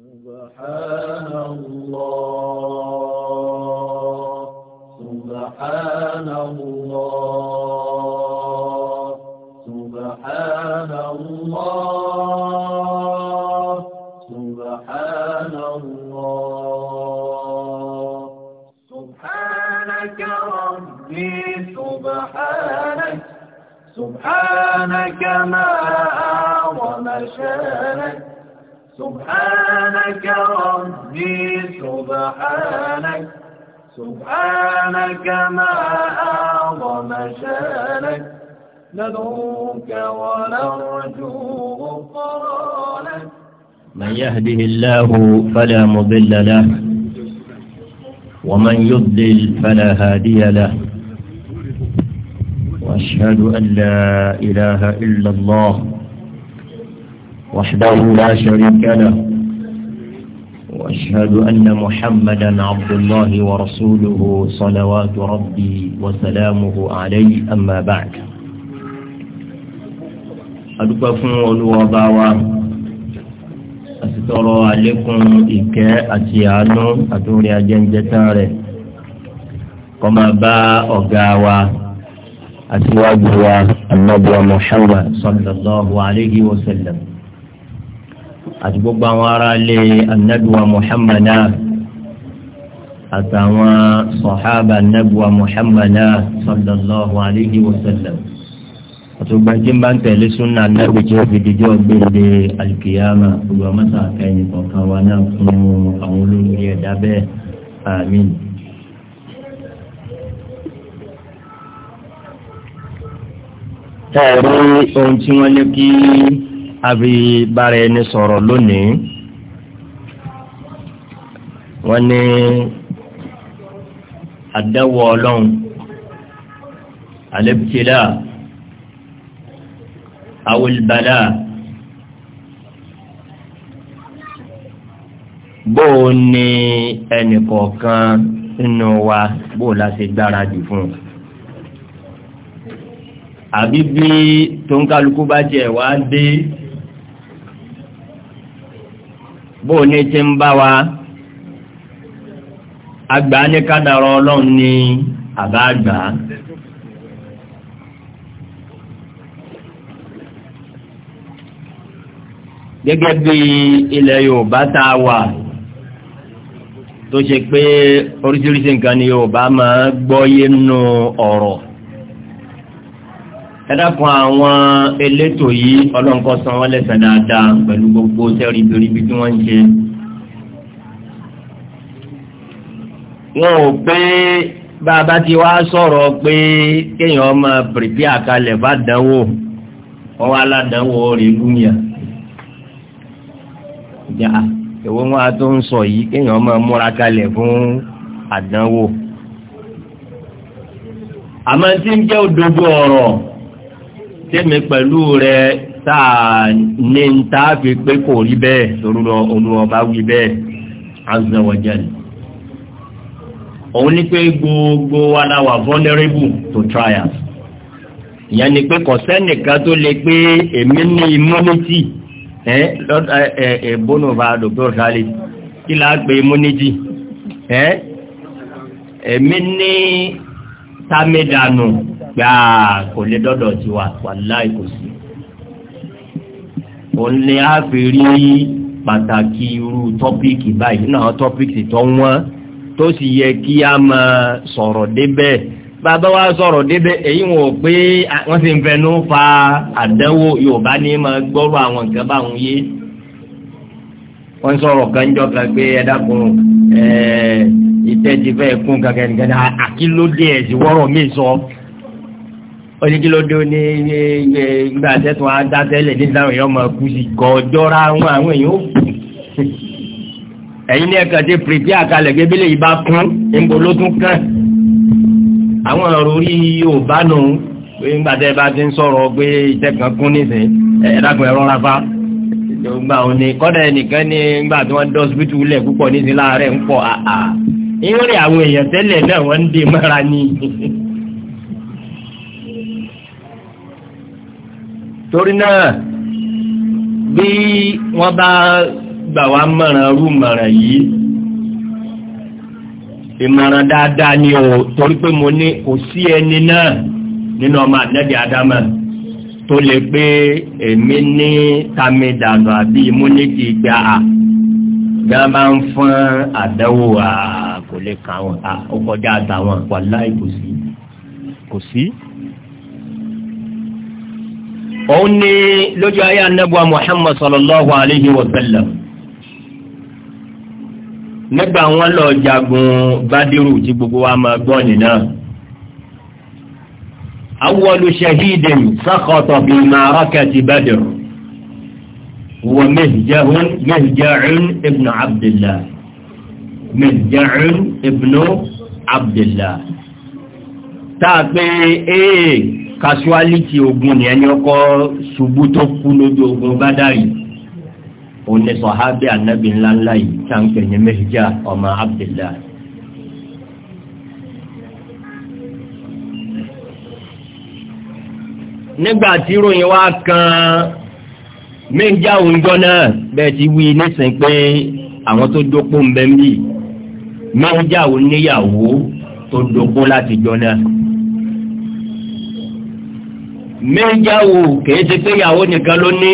سبحان الله سبحان الله سبحان الله سبحان الله سبحانك ربي سبحانك سبحانك ما أعظم شانك سبحانك ربي سبحانك سبحانك ما أعظم شانك ندعوك ونرجو غفرانك من يهده الله فلا مضل له ومن يضلل فلا هادي له واشهد ان لا اله الا الله وحده لا شريك له وأشهد أن محمدا عبد الله ورسوله صلوات ربي وسلامه عليه أما بعد adúpẹ́ fún olúwọba wa àtitọ́rọ àlékún ìkẹ́ àti àánú àtúrí ajẹ́njẹ́tàn rẹ̀ kọ́ máa bá ọ̀gá wa àtiwájú wa anábọ̀ Muhammad sallallahu alayhi wa sallam àti gbogbo àwọn ará ilé anabiwa muhammadu àtàwọn sọ̀hábà anabiwa muhammadu sallallahu alayhi wa sallam àtùgbàjì máa ń tẹ̀lé súnà anábì tí ó fi dìjọ́ gbèrè alìkìyàmà gbogbo àmọ́sà akẹ́yìn kọ̀ọ̀kan wa náà fún àwọn olórí ẹ̀dá bẹ́ẹ̀ àmín. ẹ̀rí ohun tí wọ́n lé kí àbí bára ẹni sọ̀rọ̀ lónìí wọ́n ní àdáwọ̀ ọlọ́run àlébùtìlá àwòlùbàlá bóò ní ẹnì kọ̀ọ̀kan nínú wa bóò la ṣe gbáradì fún àbí bí tóńkálukú bá jẹ́ wá dé. bó o ní ti ń bá wa àgbà ní kádàrọ ọlọ́run ní àbá àgbà. gẹ́gẹ́ bí ilẹ̀ yorùbá tá a wà tó ṣe pé oríṣiríṣi nǹkan ni yorùbá máa gbọ́ yé nínú ọ̀rọ̀. No ẹ̀dàkùn àwọn elétò yìí ọlọ́nkọ́ san wọ́n lẹ́sẹ̀ dáadáa pẹ̀lú gbogbo sẹ́rí biribi tí wọ́n ń ṣe. wọn ò pé bá a bá ti wá sọ̀rọ̀ pé kéèyàn máa pèpè àkàlẹ̀ bá dánwò wọn wá ládánwò rẹ̀ lúmìà. ìjà ìwọ wọn tó ń sọ yìí kéèyàn máa múra kalẹ̀ fún àdánwò. àmọ́ tí ń jẹ́ òdodo ọ̀rọ̀ tẹ́mi pẹ̀lú rẹ̀ táà ní ń tá fi pé kò rí bẹ́ẹ̀ lórúkọ olúọba wí bẹ́ẹ̀ azza wa jalla òun ní pé gbogbo wa wà vulnerable to trials ìyẹn ni pé kò sẹ́nìkan tó lè pé èmi ní immunity ẹ lọ́dọ̀ ẹ ẹ bónúva dr khalid kí la gbé immunity ẹ èmi ní tamidanu. gbàá kò lè dọ́dọ̀ ti wà wàláì kò sí. òun ni a fi rí pàtàkì irú tọ́píìkì báyìí náà tọ́píìkì tó wọ́n tó sì yẹ kí a máa sọ̀rọ̀ débẹ̀ bàbá wa sọ̀rọ̀ débẹ̀ èyí wọn pé wọ́n sì ń fẹnu fa àdánwò yorùbá ní ma gbọ́rọ̀ àwọn nǹkan báwọn yé wọ́n sọ̀rọ̀ kan pé ẹ̀dàkùn ìtẹ́jì fẹ́ kún kankan nìkan àkílódé ẹ̀sìn wọ́rọ̀ mi sọ. oníkílódé ní ìgbà tẹ́tù adátẹ́lẹ̀ ní ìdáhùn èèyàn máa kú sí gọ́ọ̀jọ́ra àwọn àwọn èèyàn ó kù ẹ̀yin ní ẹ̀ka ti pèpè àkàlẹ̀ gébélé ìbá kún níbo ló tún kàn àwọn ọ̀rọ̀ orí Yorùbá nù pé ńgbà tẹ́ bá ti ń sọ̀rọ̀ pé ìtẹ́kàn kún nísìn ẹ̀ẹ́dàkùn ẹ̀rọ rafa gbà òní kọ́dà ẹnìkan ní ńgbà tí wọ́n dọ́sibítù lẹ̀ púpọ̀ nísìn láàárẹ̀ ń pọ̀ àà ìrìn àwọn èèyàn tẹ́lẹ̀ náà wọ́n ń dè mọ́ra ní torí náà bí wọ́n bá gbà wá mọ̀ràn rú mọ̀ràn yìí ìmọ̀ràn dáadáa ni o torí pé mo ní kò sí ẹni náà nínú ọmọ àdẹ́dẹ́ adama tó lè pé èmi ní tamidànù àbí múníkì gbà á bí wọ́n bá ń fún àdánwò à kò lè kà wọ́n à ó kọjá àtàwọn wàláì kò kò sí òun ni lójú ayé anábùa muhammad sallallahu alayhi wa sallam nígbà wọn lọ jagun badiru tí gbogbo wa máa gbọ́ nìyà awwalu shahidin sakhata fi ma'rakati badr huwa mihja'un mihja'un ibn abdullah mihja'un ibn abdullah tá a ee kasualiti ogun ni ẹni ọkọ ṣubú tó kú lójú ogun bádàrí òní sọ̀hábí ànábì ńláńlá yìí tí a ń pè ní mẹ́hìjá ọmọ abdullahi. nígbà tí ròyìn wá kan mẹ́hìjá òǹjọ́ náà bẹ́ẹ̀ ti wí nísìnyí pé àwọn tó dópò ń bẹ́ẹ̀ mí mẹ́hìjá òníyàwó tó dópò láti jọ náà méjàwó kìí ṣe pé ìyàwó nìkan ló ní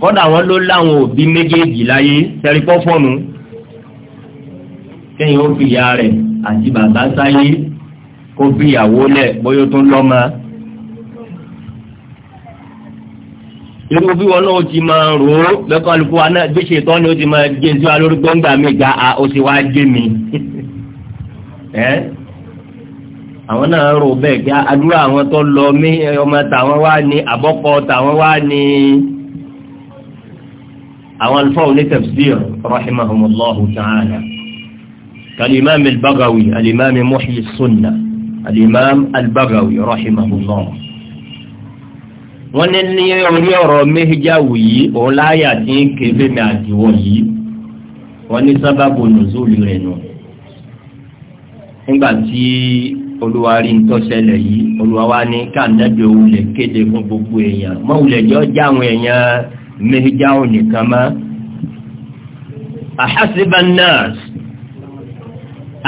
kọ́dà wọn ló láwọn òbí méjèèjì láyé tẹ̀rípọ́ fọ́ọ̀nù kéèyàn ó fi ìyá rẹ̀ àti bàbá sáyé kó fi ìyàwó lẹ̀ bóyá tó lọ́mọ. irú bí wọn náà ti máa rò ó bẹ́ẹ̀ alùpùpù wa náà bí ṣètò ni ó ti máa gé sí wa lórí gbọ́ngbà mi gba a ó ti wá gé mi. àwọn náà rò bẹ́ẹ̀ kí àdúrà àwọn tó lọ mí ọmọ tàwọn wá ní àbọ́kọ tàwọn wá ní àwọn alfáà ní tafsir rahimahumullahu ta'ala kalimam al-Baghawi alimam muhyi sunna alimam al-Baghawi rahimahullahu wọ́n ní ní orí ọ̀rọ̀ méjìjáwò yìí òun láyà tí ń ké fẹ́mi àdìwọ̀ yìí wọ́n ní sábàbù nùzúlù rẹ̀ nù nígbà tí olúwa rí ń tọ́sẹ̀lẹ̀ yìí olúwa wá ní káńdẹ́bì òun lè kéde fún gbogbo èèyàn mọ́ mọ́wùlẹ̀jọ́ jáwọn èèyàn méjìdáwọn nìkan mọ́. àhásíbán náà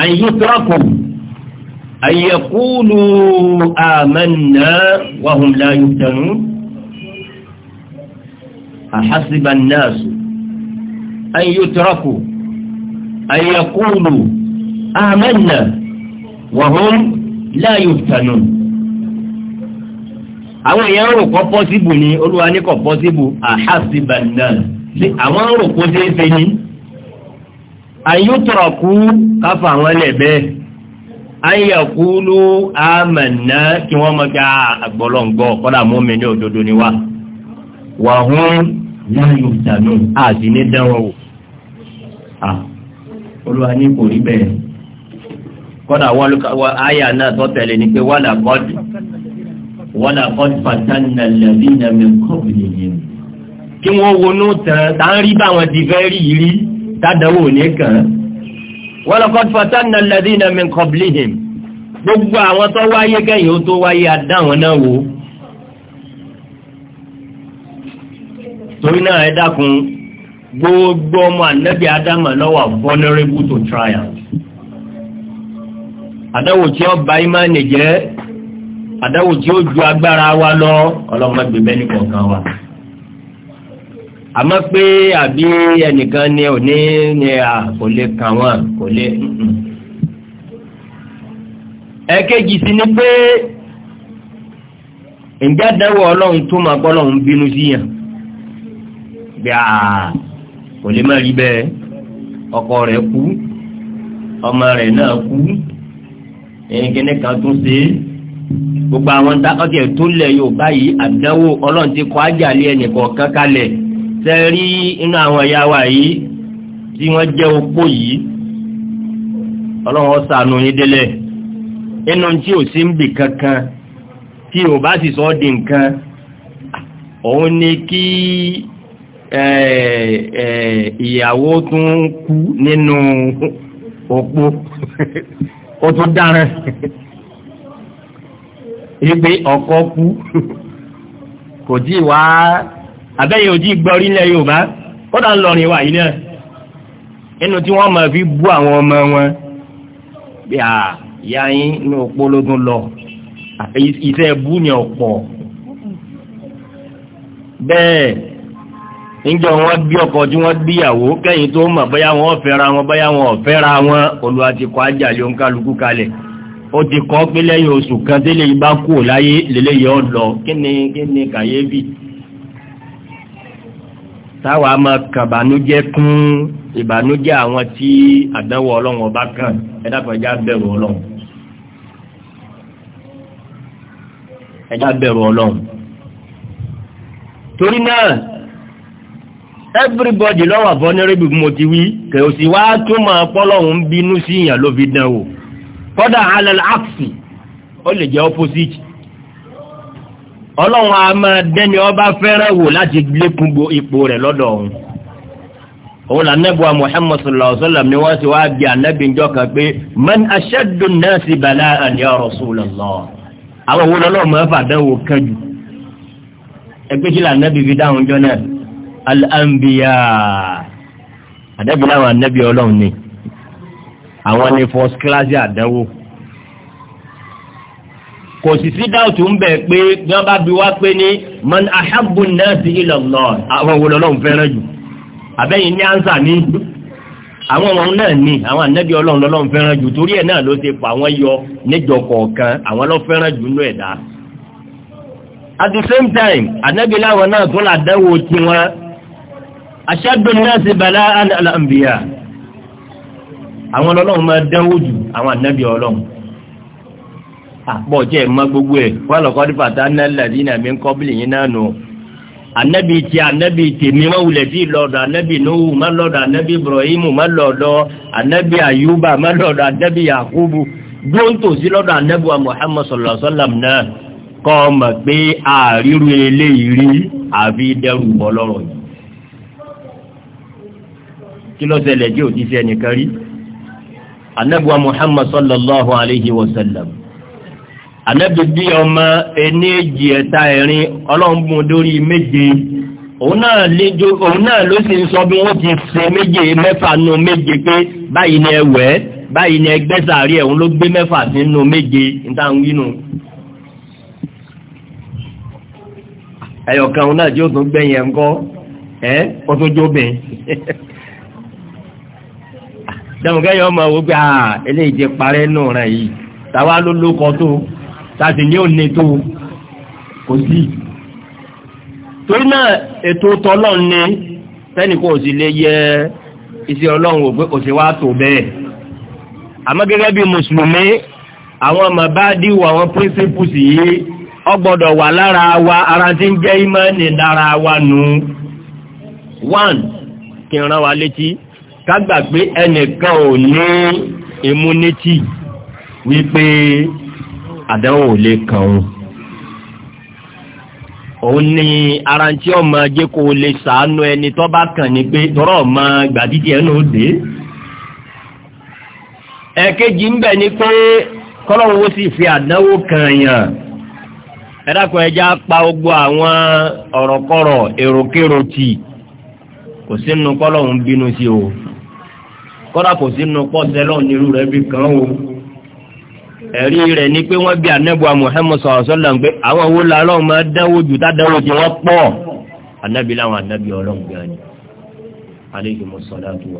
àyíkọ́kù àyẹ̀kúlù àmẹ́nà wàhùn láyé tẹnu àhásíbán náà àyíkọ́kù àyẹ̀kúlù àmẹ́nà wàhùn. láàyò tànù àwọn èèyàn rò kọ́ pọ́síbù ni olúwa ní kọ́ pọ́síbù àhásìbàdà àwọn rò kó ṣeé ṣe ni àyùtọ̀rọ̀kú káfà àwọn ẹlẹ́bẹ́ ayẹ̀kúlú àmànà kí wọ́n mọ̀ kí àgbọ̀lọ́ngbọ̀ kọ́dà mọ́mí ní òdodo ni wá wà hún láàyò tànù àti ní dánwò ah, olúwa ní kò rí bẹ́ẹ̀ kọ́dà wọ́n àyà náà tó tẹ̀lé ni pé wọ́n làkọ́dì wọ́n làkọ́dì fatanna alladhina min qablihim. kí wọ́n wọnú tán tá ń rí báwọn ti fẹ́ rí rí tádàwọ̀ ní kàn án. wọ́n làkọ́dì fatanna alladhina min qablihim. gbogbo àwọn tó wáyé kẹ́yìn tó wáyé adáwọn náà wò. torí náà ẹ dákun gbogbo ọmọ ànábì ádámà lọ́wọ́ vulnerable to trial àdáwò tí ó ba ìmánì jẹ́ àdáwò tí ó ju agbára wa lọ ọlọ́mọ gbẹ̀bẹ́ ní kọ̀ọ̀kan wa àmọ́ pé àbí ẹnìkan ni ò ní ní à kò lè kàn wọ́n kò lè ẹ̀kejì sí ni pé ǹjẹ́ àdáwò ọlọ́run tó máa gbọ́ lọ́run bínú sí bí a kò lè má rí bẹ́ẹ̀ ọkọ rẹ̀ kú ọmọ rẹ̀ náà kú kíní kan tún sí gbogbo àwọn ta ọtí ẹ̀ tó lẹ̀ yorùbá yìí àdánwò ọlọ́run ti kọ́ àjàlẹ̀ ẹnìkan kankanlẹ̀ rí inú àwọn ẹ̀yà wa yìí tí wọ́n jẹ́ opó yìí ọlọ́run ó ṣàánú yín délẹ̀ inú tí ò sí ń bì kankan tí ò bá ó tún dára ìgbé ọkọ kú kò tí ì wá àbẹ́yẹ òjì gbọ́rí ilẹ̀ Yorùbá ó dà ń lọrin wà yìí náà nínú tí wọ́n máa fi bú àwọn ọmọ wọn bí a ìyá yín ní òpó lọ iṣẹ́ bú ni ọ̀pọ̀ bẹ́ẹ̀ níjọ wọn bí ọkọ tí wọn bíyàwó kẹyìn tó mọ bóyá wọn ọfẹra wọn bóyá wọn ọfẹra wọn olùwà ti kọ ajáde òǹkálukú kalẹ̀ ó ti kọ pé lẹ́yìn oṣù kan tẹ́lẹ̀ yìí bá kú láyé lélẹyìí ọ lọ kíni kíni kàyéfì táwa máa kàn bànújẹ́ kún ìbànújẹ́ àwọn tí àdánwò Ọlọ́run ọba kàn ẹ dákọjá bẹ̀rù Ọlọ́run ẹ já bẹ̀rù Ọlọ́run torí náà everybody lọ́wọ́ vulnerable mo ti wí kẹ̀ ò sì wá túmọ̀ pọ́lọ́hún ń bínú sí ìyàn ló fi dán o kọ́dà alal aksi ó lè jẹ́ opposite ọlọ́run a máa dẹ́ni ọba fẹ́ràn wò láti lékun ipò rẹ̀ lọ́dọ̀ ọ̀hún òun là nẹ́bùa Muhammad sallallahu alayhi wa sallam ni wọ́n ti wá bí anabi njọ́ kan pé man ashaddu an-nasi bala'an ya Rasulallah àwọn òun lọ́lọ́run máa fà dánwò kánjú ẹgbẹ́ kí là fi dáhùn jọ náà al-anbiya ànábì láwọn ànábì ọlọ́run ni àwọn ni first class àdánwò kò sì sí dáùtù ń bẹ̀ pé bí wọ́n bá bi wá pé ní man ahabbu an-nasi ila Allah àwọn wo lọ́lọ́run fẹ́ràn jù àbẹ́yìn ní ánsà ní àwọn ọmọ náà ní àwọn ànábì ọlọ́run lọ́lọ́run fẹ́ràn jù torí ẹ̀ náà ló ti pa àwọn yọ níjọ kọ̀ọ̀kan àwọn ló fẹ́ràn jù nínú ẹ̀dá at the same time ànábì láwọn náà tó là dánwò tiwọn aṣáájú náà sì bàlá àlàmbìyà àwọn ọlọ́run máa dánwò jù àwọn ànábì ọlọ́run àpọ̀jẹ́ ìmọ̀ gbogbo ẹ̀ wọ́n lọ́kọ́ ní fàtà náà lẹ́yìn náà mi ń kọ́ bílẹ̀ yín náà nù ànábì tí ànábì tèmi má wulẹ̀ sí lọ́dọ̀ ànábì nuhu má lọ́dọ̀ ànábì ibrahimu má lọ́dọ̀ ànábì ayuba má lọ́dọ̀ ànábì yakubu gbóǹtò sí lọ́dọ̀ ànábì wa muhammad sallallahu náà kọ́ ọ mọ̀ pé àríru eléyìí rí àbí dẹ́rù bọ́ lọ́rọ̀ yìí kí ló ṣẹlẹ̀ jẹ́ òjijì ẹnìkan rí anabi muhammad sallallahu alayhi wa sallam anabi bí ọmọ ẹni èjì ẹ̀ta ẹ̀rin ọlọ́run dórí méje òun náà léjo òun náà ló sì ń sọ bí wọ́n ti ṣe méje mẹ́fà nù méje pé báyìí ni ẹwẹ́ báyìí ni ẹgbẹ́ ẹ̀ òun ló gbé mẹ́fà sínú méje níta ń wí nù. ẹyọkan òun náà tí ó tún gbẹ̀yìn ẹ̀ ń kọ́ ẹ́ ó tún jóbìn. dẹ́mọ̀kẹ́ yọ ọmọ wò pé aa eléyìí parẹ́ nù rẹ̀ yìí táwa ló lókọ tó tàbí ní òní tó kò sí. torí náà ètò tọ́lọ́run ni sẹ́nìkan ò lè yẹ iṣẹ́ ọlọ́run wò pé wá tó bẹ́ẹ̀. àmọ́ gẹ́gẹ́ wa ara ń wa nù. one kágbàgbé ẹnìkan ò ní immunity wípé àdánwò lè kàn ó òun ni arantí ọmọ jẹ́ kó o lè sàánú ẹni tó bá kàn ní pé tọrọ ọmọ gbàdídì ẹnu ó dé ẹ̀kejì ń bẹ̀ ni pé kọ́lọ́wọ́ sì fi àdánwò kàn yàn ẹ̀dàkùn ẹja pa gbogbo àwọn ọ̀rọ̀kọ̀rọ̀ èròkérò tì kò sínú kọ́lọ́wọ́ ń bínú o. kọ́dà kò sínú pọ́sẹ́lọ́ nírú rẹ̀ bí kan o ni pé wọ́n bí anábùa Muhammad sọ̀rọ̀ sọ́lá pé àwọn owó la lọ́wọ́ máa dánwò jù tádánwò tí wọ́n pọ̀ anábì láwọn anábì ọlọ́run gan ni aleyhi aleyhi ọlọ́run tiẹ̀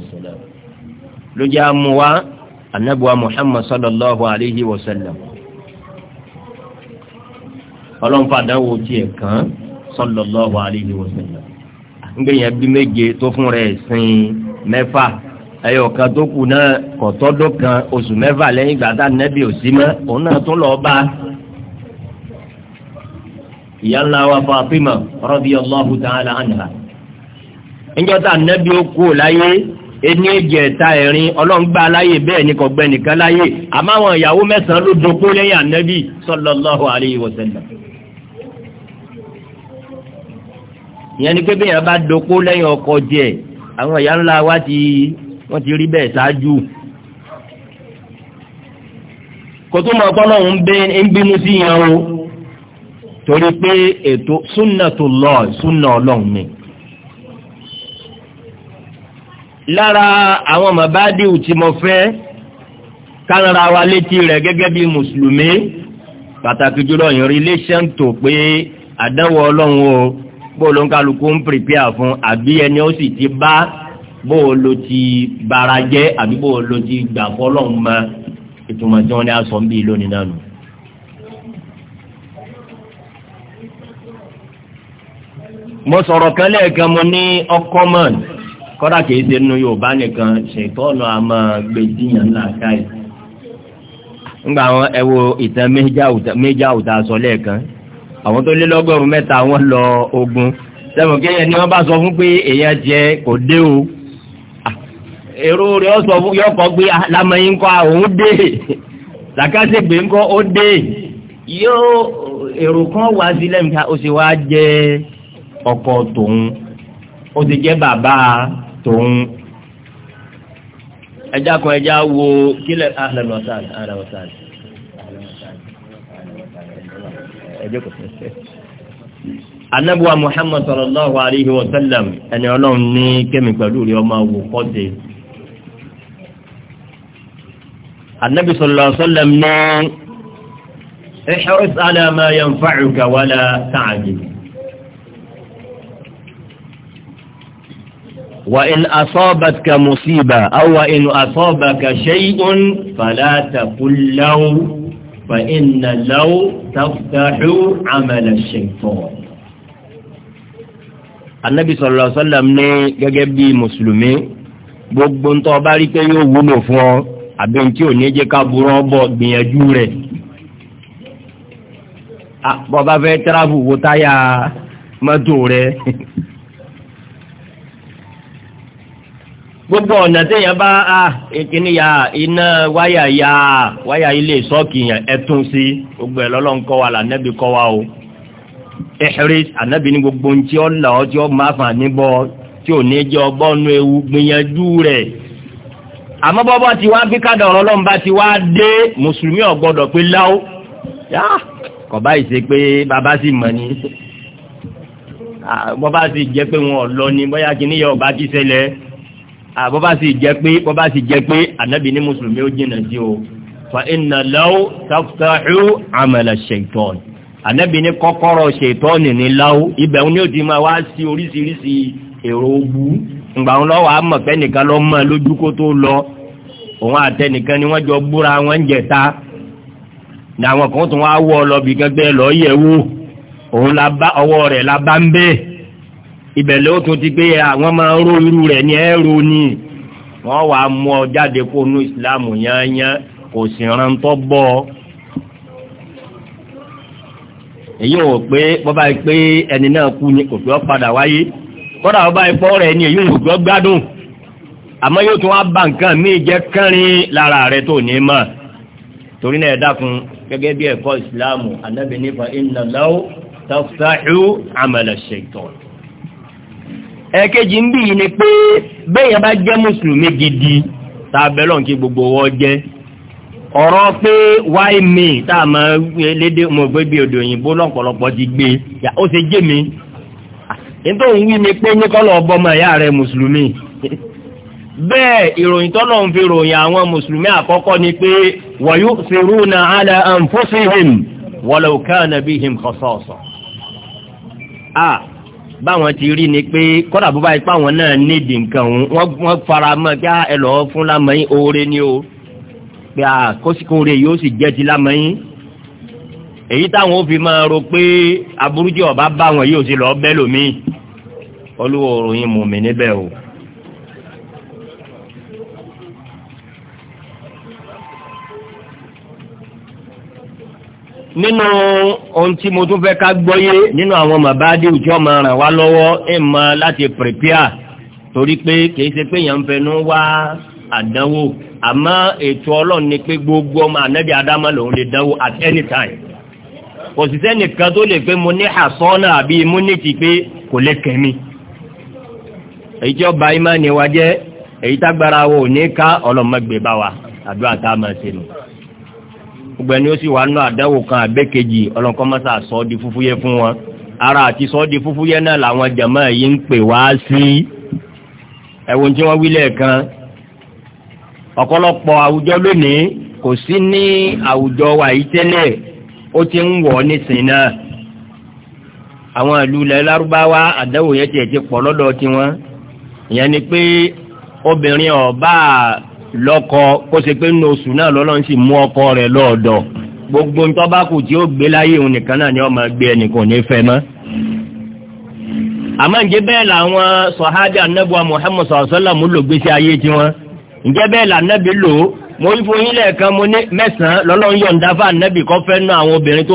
kan aleyhi ń méje tó ẹyọ kan tó kù náà kọtọdọ kan oṣù mẹ́fà lẹ́yìn ìgbà tá nẹbi òsì mọ òun náà tún lọ bá ìyá ńlá wa tá nẹbi láyé ẹ̀rin ọlọ́ngbà láyé ni kò gbẹ nìkan láyé àmọ́ àwọn ìyàwó mẹ́sàn-án ló lẹ́yìn ànẹ́bí ọkọ jẹ àwọn ìyá ńlá wa wọ́n ti rí bẹ́ẹ̀ ṣáájú kò tó máa kọ́nà ń bínú sí yẹn o torí pé ètò sunnatullah sunna ọlọ́run ni lára àwọn màbádìí tí mo fẹ́ kánra wa létí rẹ̀ gẹ́gẹ́ bí mùsùlùmí pàtàkì jùlọ yẹn relation tó pé àdánwò ọlọ́run o bó ló ń kálukú ń prepare fún àbí ẹni ó sì ti bá bó o lo ti bara jẹ́ àbí bó o lo ti gbà fọlọ́n ma ìtumọ̀ tí wọ́n ní aṣọ ń bí lónìí náà mo sọ̀rọ̀ kan lẹ́ẹ̀kan mo ní ọkọ́ mọ́n kọ́dà kìí ṣe nínú Yorùbá nìkan ṣètọ́nù àmọ́ ńlá ńgbà ẹ wo ìtàn méjà sọ lẹ́ẹ̀kan àwọn tó lé lọ́gọ́rùn-ún mẹ́ta lọ ogun sẹ́mu kéèyàn ni wọ́n bá sọ fún pé èèyàn o èrò rẹ̀ ọ̀sọ̀ yọkọ̀ gbé lamẹ́yìn kọ́ ah, òun dé làkàṣègbè ńkọ́ ó dé yóò èrò kan wá sí lẹ́mìíta ó sì wá jẹ́ ọkọ tòun ó sì jẹ́ bàbá tòun ẹja kan ẹja wo kílẹ̀ ahlan wa sahlan ahlan wa muhammad sallallahu alayhi wa sallam ẹni ọlọ́run ní kémi pẹ̀lú rí ọmọ wò kọ́dé النبي صلى الله عليه وسلم احرص على ما ينفعك ولا تعجل وإن أصابتك مصيبة أو وإن أصابك شيء فلا تقل لو فإن لو تفتح عمل الشيطان النبي صلى الله عليه وسلم ní gẹ́gẹ́ مسلمي mùsùlùmí gbogbo ń tọ́ àbí tí ò ní jẹ́ ká burú ọbọ̀ gbìyànjú rẹ̀ bọ́ba fẹ́ tẹ́ráfù wo táyà mọ́tò rẹ̀ gbogbo ọ̀nà téèyàn bá a ìkíní ya iná wáyà ya wáyà ilé sọ́ọ̀kì yẹn ẹ̀tún sí gbogbo ẹ̀ lọ́lọ́run kọ́ wa lànàbí kọ́ wa o ẹ̀hẹ́rẹ́ ànábì ní gbogbo ohun tí ó là ọ́ tí ó máa fà níbọ̀ tí ò ní jẹ́ ọgbọ́n ewu gbìyànjú rẹ̀ àmọ́ bọ́bọ́ ti wá bí kádà ọ̀rọ̀ ọlọ́run bá ti wá dé mùsùlùmí ọ̀gbọ́dọ̀ pé láó yá kọ̀ báyìí ṣe pé bàbá sì mọ̀ ni bọ́bá sì jẹ́ pé wọn ọ̀lọ́ ni bóyá kí níyà ọba ti ṣẹlẹ̀ bọ́bá sì jẹ́ pé bọ́bá sì jẹ́ pé ànábì ní mùsùlùmí ó jìnà sí o fa inna láó taftahu amala shaitan ànábì ní kọ́kọ́rọ̀ shaitan ní láó ibẹ̀ ni ó ti máa wá sí oríṣiríṣi èrò ogun ìgbà wọn lọ́wọ́ àmọ̀ pé nìkan lọ́ mọ̀ lójú kó tó lọ òun àtẹnìkan ni wọ́n jọ búra wọn ń jẹta ní àwọn kan tó wá wọ́ lọ bí gẹ́gẹ́ lọ yẹ̀ wò òun la bá ọwọ́ rẹ̀ la bá ń bẹ́ẹ̀ ibẹ̀ ló tún ti gbé àwọn máa ń ró irú rẹ̀ ní ẹ̀rù ni wọ́n wàá mú ọ jáde fóònù ìsìláàmù yányán kò sì rántọ́ bọ́ ọ èyí ò pé bọ́bá pé ẹni náà kú ni kò fi ọ́ padà wáyé kọ́dà ọba ẹ̀pọ́ rẹ̀ ni èyí òògùn gbádùn àmọ́ yóò tún wá bá nǹkan míì jẹ́ kánrin lára rẹ̀ tó ní mọ̀ torí náà ẹ dákun gẹ́gẹ́ bí ẹ̀kọ́ ìsìláàmù anábì nípa inna law taftahu amala shaitan. ẹ̀kejì ń bí yìí ni pé bẹ́ẹ̀yàn bá jẹ́ mùsùlùmí gidi tá a bẹ́lọ̀ kí gbogbo wọn jẹ́ ọ̀rọ̀ pé why tá a máa lédè mọ̀ gbégbé òdò lọ́pọ̀lọpọ̀ ti gbé ó ṣe jẹ́ mi nítorí wí mi pé níkọ́lọ̀ ọbọ̀mọ ẹ̀yà rẹ̀ mùsùlùmí bẹ́ẹ̀ ìròyìn tọ́lọ̀ ń fi ròyìn àwọn mùsùlùmí àkọ́kọ́ ni pé wa yu'thiruna ala anfusihim walau kana bihim khasasa báwọn ti rí ni pé kọ́dà bó báyìí páwọn náà nídi nǹkan òun wọ́n fara mọ́ kí á ẹlọ́ fún lámọ́yìn oore ni o pé à kóṣìkóore yóò sì jẹ́ ti lámọ́yìn èyí táwọn ó fi máa ro pé aburú ọ̀bá báwọn yóò sì lọ́ọ́ bẹ́ lómi olúwo òròyìn mú mi níbẹ̀ o. nínú ohun tí mo tún fẹ́ ká gbọ́yé nínú àwọn màbáàdì ìjọ máa ràn wá lọ́wọ́ ẹ̀ mọ láti pèpéà torí pé kìí ṣe pé èèyàn fẹnu wá àdánwò àmọ́ ètò ọlọ́run ni pé gbogbo ọmọ ànábì adámọ́ lòun lè dánwò at any time kò sì sẹ́nìkan tó lè pé mo ní àsọ́nà àbí immunity pé kò lè kẹ́mi. èyí tí ó ba ìmánì wa jẹ́ èyí tágbára wo ní ká ọlọ́mọgbè bá wa àdúrà tá a nù gbogbo ẹni ó sì wà nù àdáwò kan àbẹ́kejì sọ di fúfúyẹ́ fún wọn ara àti sọ di fúfúyẹ́ náà làwọn ń pè wá sí ẹ̀wọ̀n tí wọ́n wí lẹ́ẹ̀kan ọ̀pọ̀lọpọ̀ àwùjọ lónìí kò sí wa yìí tẹ́lẹ̀ ó ti ń wọ̀ náà àwọn ìlú àdáwò yẹn ìyẹn ni pé obìnrin ọba lọkọ kó ṣe pé nínú oṣù náà lọ́lọ́run sì mú ọkọ rẹ̀ lọ́ọ̀dọ̀ gbogbo ń tọ́ba kù tí ó gbé láyé òun nìkan náà ni ọmọ gbé ẹnìkan ní fẹ́ mọ́. àmọ́ ǹjẹ́ bẹ́ẹ̀ làwọn gbèsè ayé tiwọn ǹjẹ́ bẹ́ẹ̀ lò ó mo ń fún mo ní mẹ́sàn-án lọ́lọ́run anábì kọ́ fẹ́ àwọn obìnrin tó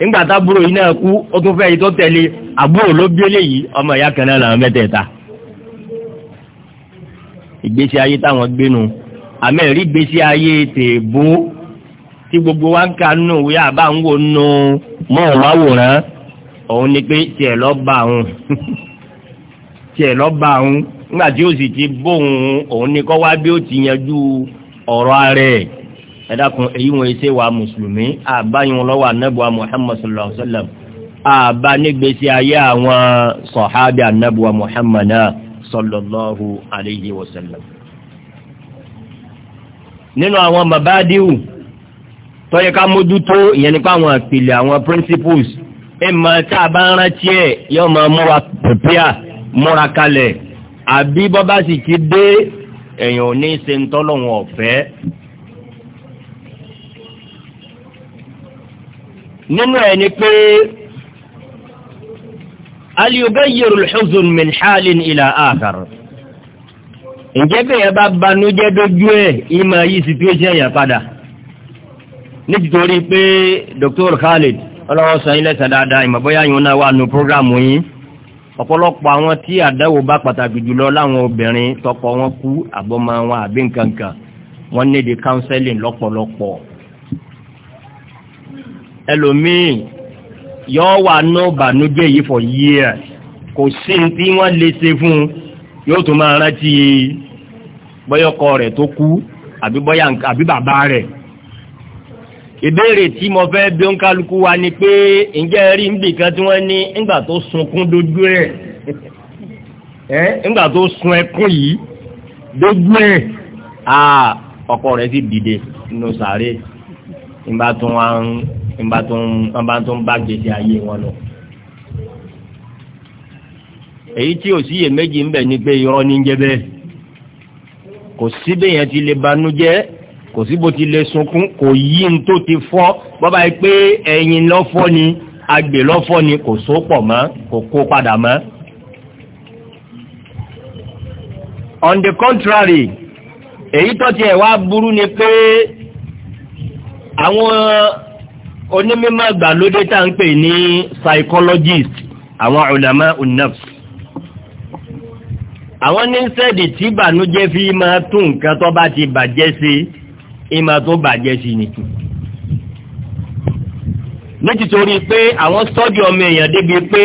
nígbà tábúrò yìí náà kú ó tún fẹ́ yìí tó tẹ̀lé àbúrò ló bí eléyìí ọmọ ìyá kan náà làwọn mẹ́tẹ̀ẹ̀ta ìgbésí ayé táwọn gbénu àmẹ́ rí ìgbésí ayé gbogbo wa ń ka nù wí àbá ń wò nù mọ́ wòrán ni pé tiẹ̀ lọ́ bá òun tiẹ̀ lọ́ bá òun nígbà ti bóun òun ni kọ́ wá bí ó ti yanjú ẹ̀dàkùn èyí wọn èsè wa mùsùlùmí àbáyún lọ́wọ́ anábùwà muhammad sallallahu alayhi wa sallam àbá nígbèsí ayé àwọn sọ̀hábì anábùwà muhammad sallallahu alayhi wa sallam. nínú àwọn mabadiu tọ́yẹ ká mójútó ìyẹn nípa àwọn àpìlẹ̀ àwọn principles ẹ̀ máa tá a bá ń rántí ẹ̀ yóò máa múra pẹ̀pẹ́à múra kalẹ̀ àbí bọ́bá sì ti dé èèyàn ò ní í ṣe ń tọ́lọ́wọ́n ọ̀fẹ́ nínú ẹ̀ ni pé aliyugayiru lḥuzun min xaalin ila aakhar ǹjẹ́ bẹ́ẹ̀ bá banújẹ́ dojú ẹ̀ ìmọ̀ yìí situation yẹn padà nítorí pé Dr. Khalid ọlọ́wọ́ sọ ilẹ̀ sẹ̀ dáadáa ìmọ̀ bóyá yìí náà wà nù programu yìí ọ̀pọ̀lọpọ̀ àwọn tí àdáwò bá pàtàkì jùlọ láwọn obìnrin tọkọ wọn kú àbọ̀mọ wọn àbí nǹkan kan wọn nídìí counseling lọ́pọ̀lọpọ̀ ẹlòmíì yọ wà nù bànújẹ́ yìí for years kò sí ní tí wọ́n lè ṣe fún un yóò tún máa rántí bọ́yọ̀kọ rẹ̀ tó kú àbí bọ́yà àbí bàbá rẹ̀ ìbéèrè tí mo fẹ́ bí ń kálukú wa ni pé ǹjẹ́ rí ń bì kan tí wọ́n ní ńgbà tó sunkún dojú ẹ̀ ẹ́ ńgbà tó sun ẹkún yìí dojú ẹ̀ ọkọ rẹ̀ sì dìde nínú sàárè nígbà tó wà ń nígbà tó ń bá tó ń bá gbèsè ayé wọn lọ. èyí tí ò sí iyèméjì ń bẹ ni pé irọ́ ní jẹ́ bẹ́ẹ̀ kò sí bẹ́yẹn ti lè banú jẹ́ kò sí bó ti lè sunkún kò yí n tó ti fọ́ bọ́bá yìí pé ẹ̀yin lọ́fọ́ ni agbè lọ́fọ́ ni kò so pọ̀ mọ́ kò kó padà mọ́. on the contrary èyí tó tiẹ̀ wá burú ni pé àwọn onímọ̀ ìgbàlódé tá ń pè ní psychologist àwọn ulama unnafs àwọn ní sẹ́ẹ̀dì tí ìbànújẹ́ fi máa tún nǹkan tó bá ti bàjẹ́ sí ìmọ̀ tó bàjẹ́ sí ni ní títorí pé àwọn sọ́dí ọmọ èèyàn débi pé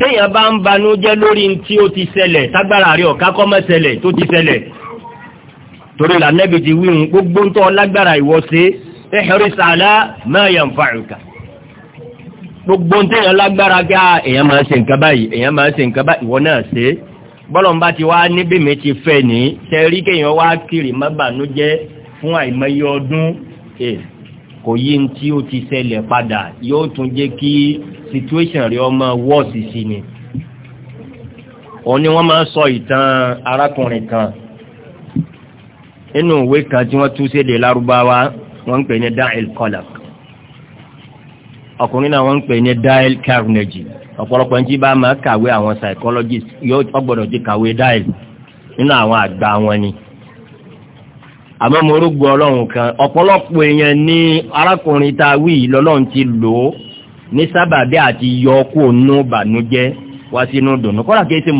téèyàn bá ń banújẹ́ lórí tí ó ti ṣẹlẹ̀ tágbára rẹ̀ ọ̀ká kọ́ mọ́ ṣẹlẹ̀ tó ti ṣẹlẹ̀ torí lànẹ́bì ti gbogbo ń tọ́ lágbára ìwọ́sẹ̀ ihris ala ma yanfa'uka gbogbo ntẹ̀yàn lágbára gá èèyàn máa ṣe nǹkan báyìí èèyàn máa ṣe nǹkan báyìí ìwọ náà ṣe bọ́lọ̀mbá ti wá níbí mi ti fẹ́ ní tẹ́rí kéèyàn wá kiri mábànújẹ́ fún àìmọye ọdún kò yí ní tí ó ti ṣẹlẹ̀ padà yóò tún jẹ́ kí situation rẹ ọmọ wọ́ọ̀sì sí ni òun wọ́n máa sọ ìtàn arákùnrin kan inú ìwé kan tí wọ́n tú sédè lárúbáwá wọ́n ń pè ní Da'il Qalaq ọkùnrin náà wọ́n ń pè ní Da'il Carnegie ọ̀pọ̀lọpọ̀ ní tí bá máa kàwé àwọn psychologist yóò ọgbọ́dọ̀ ti kàwé Da'il nínú àwọn àgbà wọn ni àmọ́ a wí lọ́lọ́run ti lò ó ní sábàbí àti yọ kó nú bànújẹ́ wá sínú dùnú kọ́lá kìí ṣe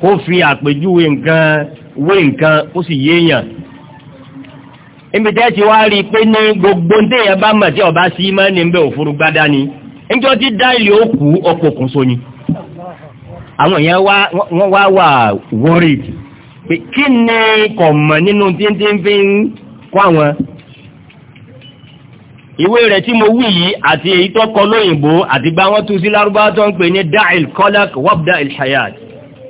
kó fi àpèjúwe nǹkan wé nǹkan ó sì yéèyàn níbi tẹ́ ti wá rí i pé ní gbogbo ní èèyàn bá mọ̀ tí ọba sí mọ́ ní òfurufú gbádá ni níjọ́ tí dáìlì ó so ni àwọn èèyàn wọ́n wá wà worried pé kí ni kò mọ̀ nínú fi ń kọ́ àwọn ìwé tí mo wí yìí àti èyí tó kọ lóyìnbó àti bá wọ́n tú sí lárúbáwá tó ń pè ní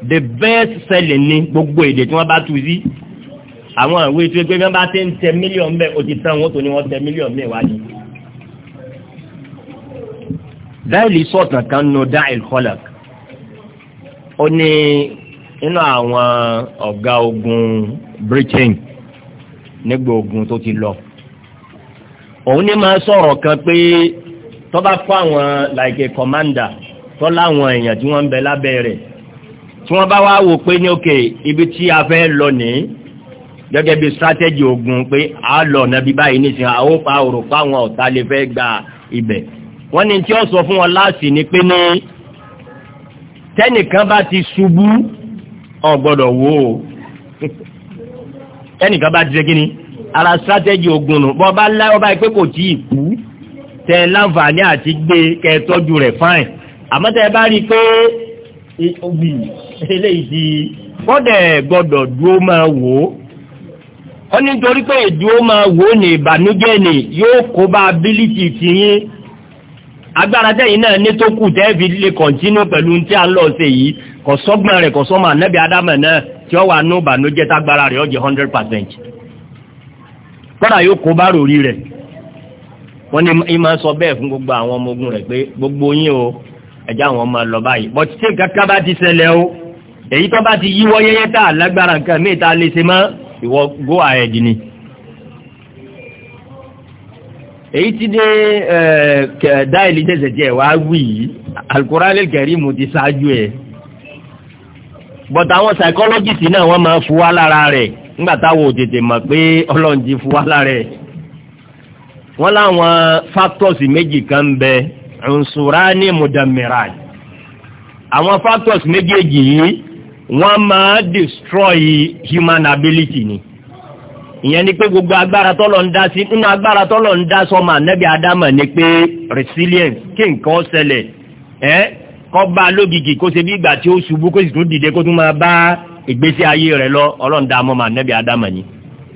the best selling ni gbogbo èdè tí wọ́n bá tu sí àwọn ìwé tí wọ́n bá ti ń tẹ mílíọ̀nù bẹ́ẹ̀ o ti tán wọn tó ní wọ́n tẹ mílíọ̀nù bẹ́ẹ̀ wájú. dáìlì sọ̀tàn kan nu dáìlì kọlọ̀k ó ní nínú àwọn ọ̀gá ogun Britain nígbà ogun tó ti lọ òun ní máa sọ̀rọ̀ kan pé tó bá fún àwọn like a commander tó láwọn èèyàn tí wọ́n ń bẹ lábẹ́ rẹ̀ tí wọ́n bá wá wò pé ní òkè ibi tí a fẹ́ lọ ní gẹ́gẹ́ bí strategy ogun pé a lọ ọ̀nà bí báyìí nísìn àwọn pa òrò pa àwọn ọ̀tá lè fẹ́ gba ibẹ̀ wọ́n ní tí ó sọ fún wọn láti ni pé ní tẹ́nìkan bá ti ṣubú ò gbọ́dọ̀ wò ó tẹ́nìkan bá ti ṣe kíni ara strategy ogun nù bọ́ bá láyọ̀ báyìí pé kò tí ì kú tẹ láǹfààní àti gbé kẹ́ rẹ̀ fáìn àmọ́ bá rí i pé eléyìí di kọ́dẹ̀ gbọ́dọ̀ dúró máa wò ó ó ní torí pé ìdúró máa wò ó ní ìbànújẹ́ ni yóò kó bá ability ti yín agbára tẹ́yìn náà ní tó kù tẹ́ẹ̀fì lè kọ̀ntínú pẹ̀lú tí a ń lọ sí yìí kò sọ́gbọ́n rẹ̀ kò sọ́mọ ànábì adámọ̀ náà tí ó wà ní ìbànújẹ́ tágbára rẹ̀ ó hundred percent kọ́dà yóò kó bá rò rí rẹ̀ wọ́n ní ìmọ̀ sọ bẹ́ẹ̀ fún gbogbo àwọn ọmọ ogun rẹ̀ pé gbogbo yín o ẹ̀já àwọn ọmọ lọ báyìí bọ́tí tí nǹkan ti ṣẹlẹ̀ o èyí tó bá ti yíwọ́ yẹ́yẹ́ tá lágbára nǹkan míì tá lè ṣe mọ́ ìwọ go ahead ni èyí ti dé eh, dá ìlú tẹ̀sẹ̀ tí ẹ̀ wá wí yìí Al-Qur'anul Karim ti ṣáájú ẹ̀ bọ̀tà àwọn psychologist náà wọ́n máa fún wa lára rẹ̀ nígbà táwọn ò tètè mọ̀ pé Ọlọ́run fún wa lára ẹ̀ wọ́n láwọn factors méjì kan bẹ unsurani mudammirani àwọn factors méjèèjì yìí wọ́n máa destroy human ability ni ìyẹn ni pé gbogbo agbára tọ́lọ̀ ń dá sí nínú agbára tọ́lọ̀ ń dá sọ́mà nẹ́bí adámọ̀ ni pé resilience kí nǹkan ṣẹlẹ̀ ẹ́ kọ́ bá lógìkì kó ṣe bí ìgbà tí ó ṣubú kó sì tún dìde kó tún máa bá ìgbésí ayé rẹ̀ lọ ọlọ́run dá mọ́mà nẹ́bí adámọ̀ ni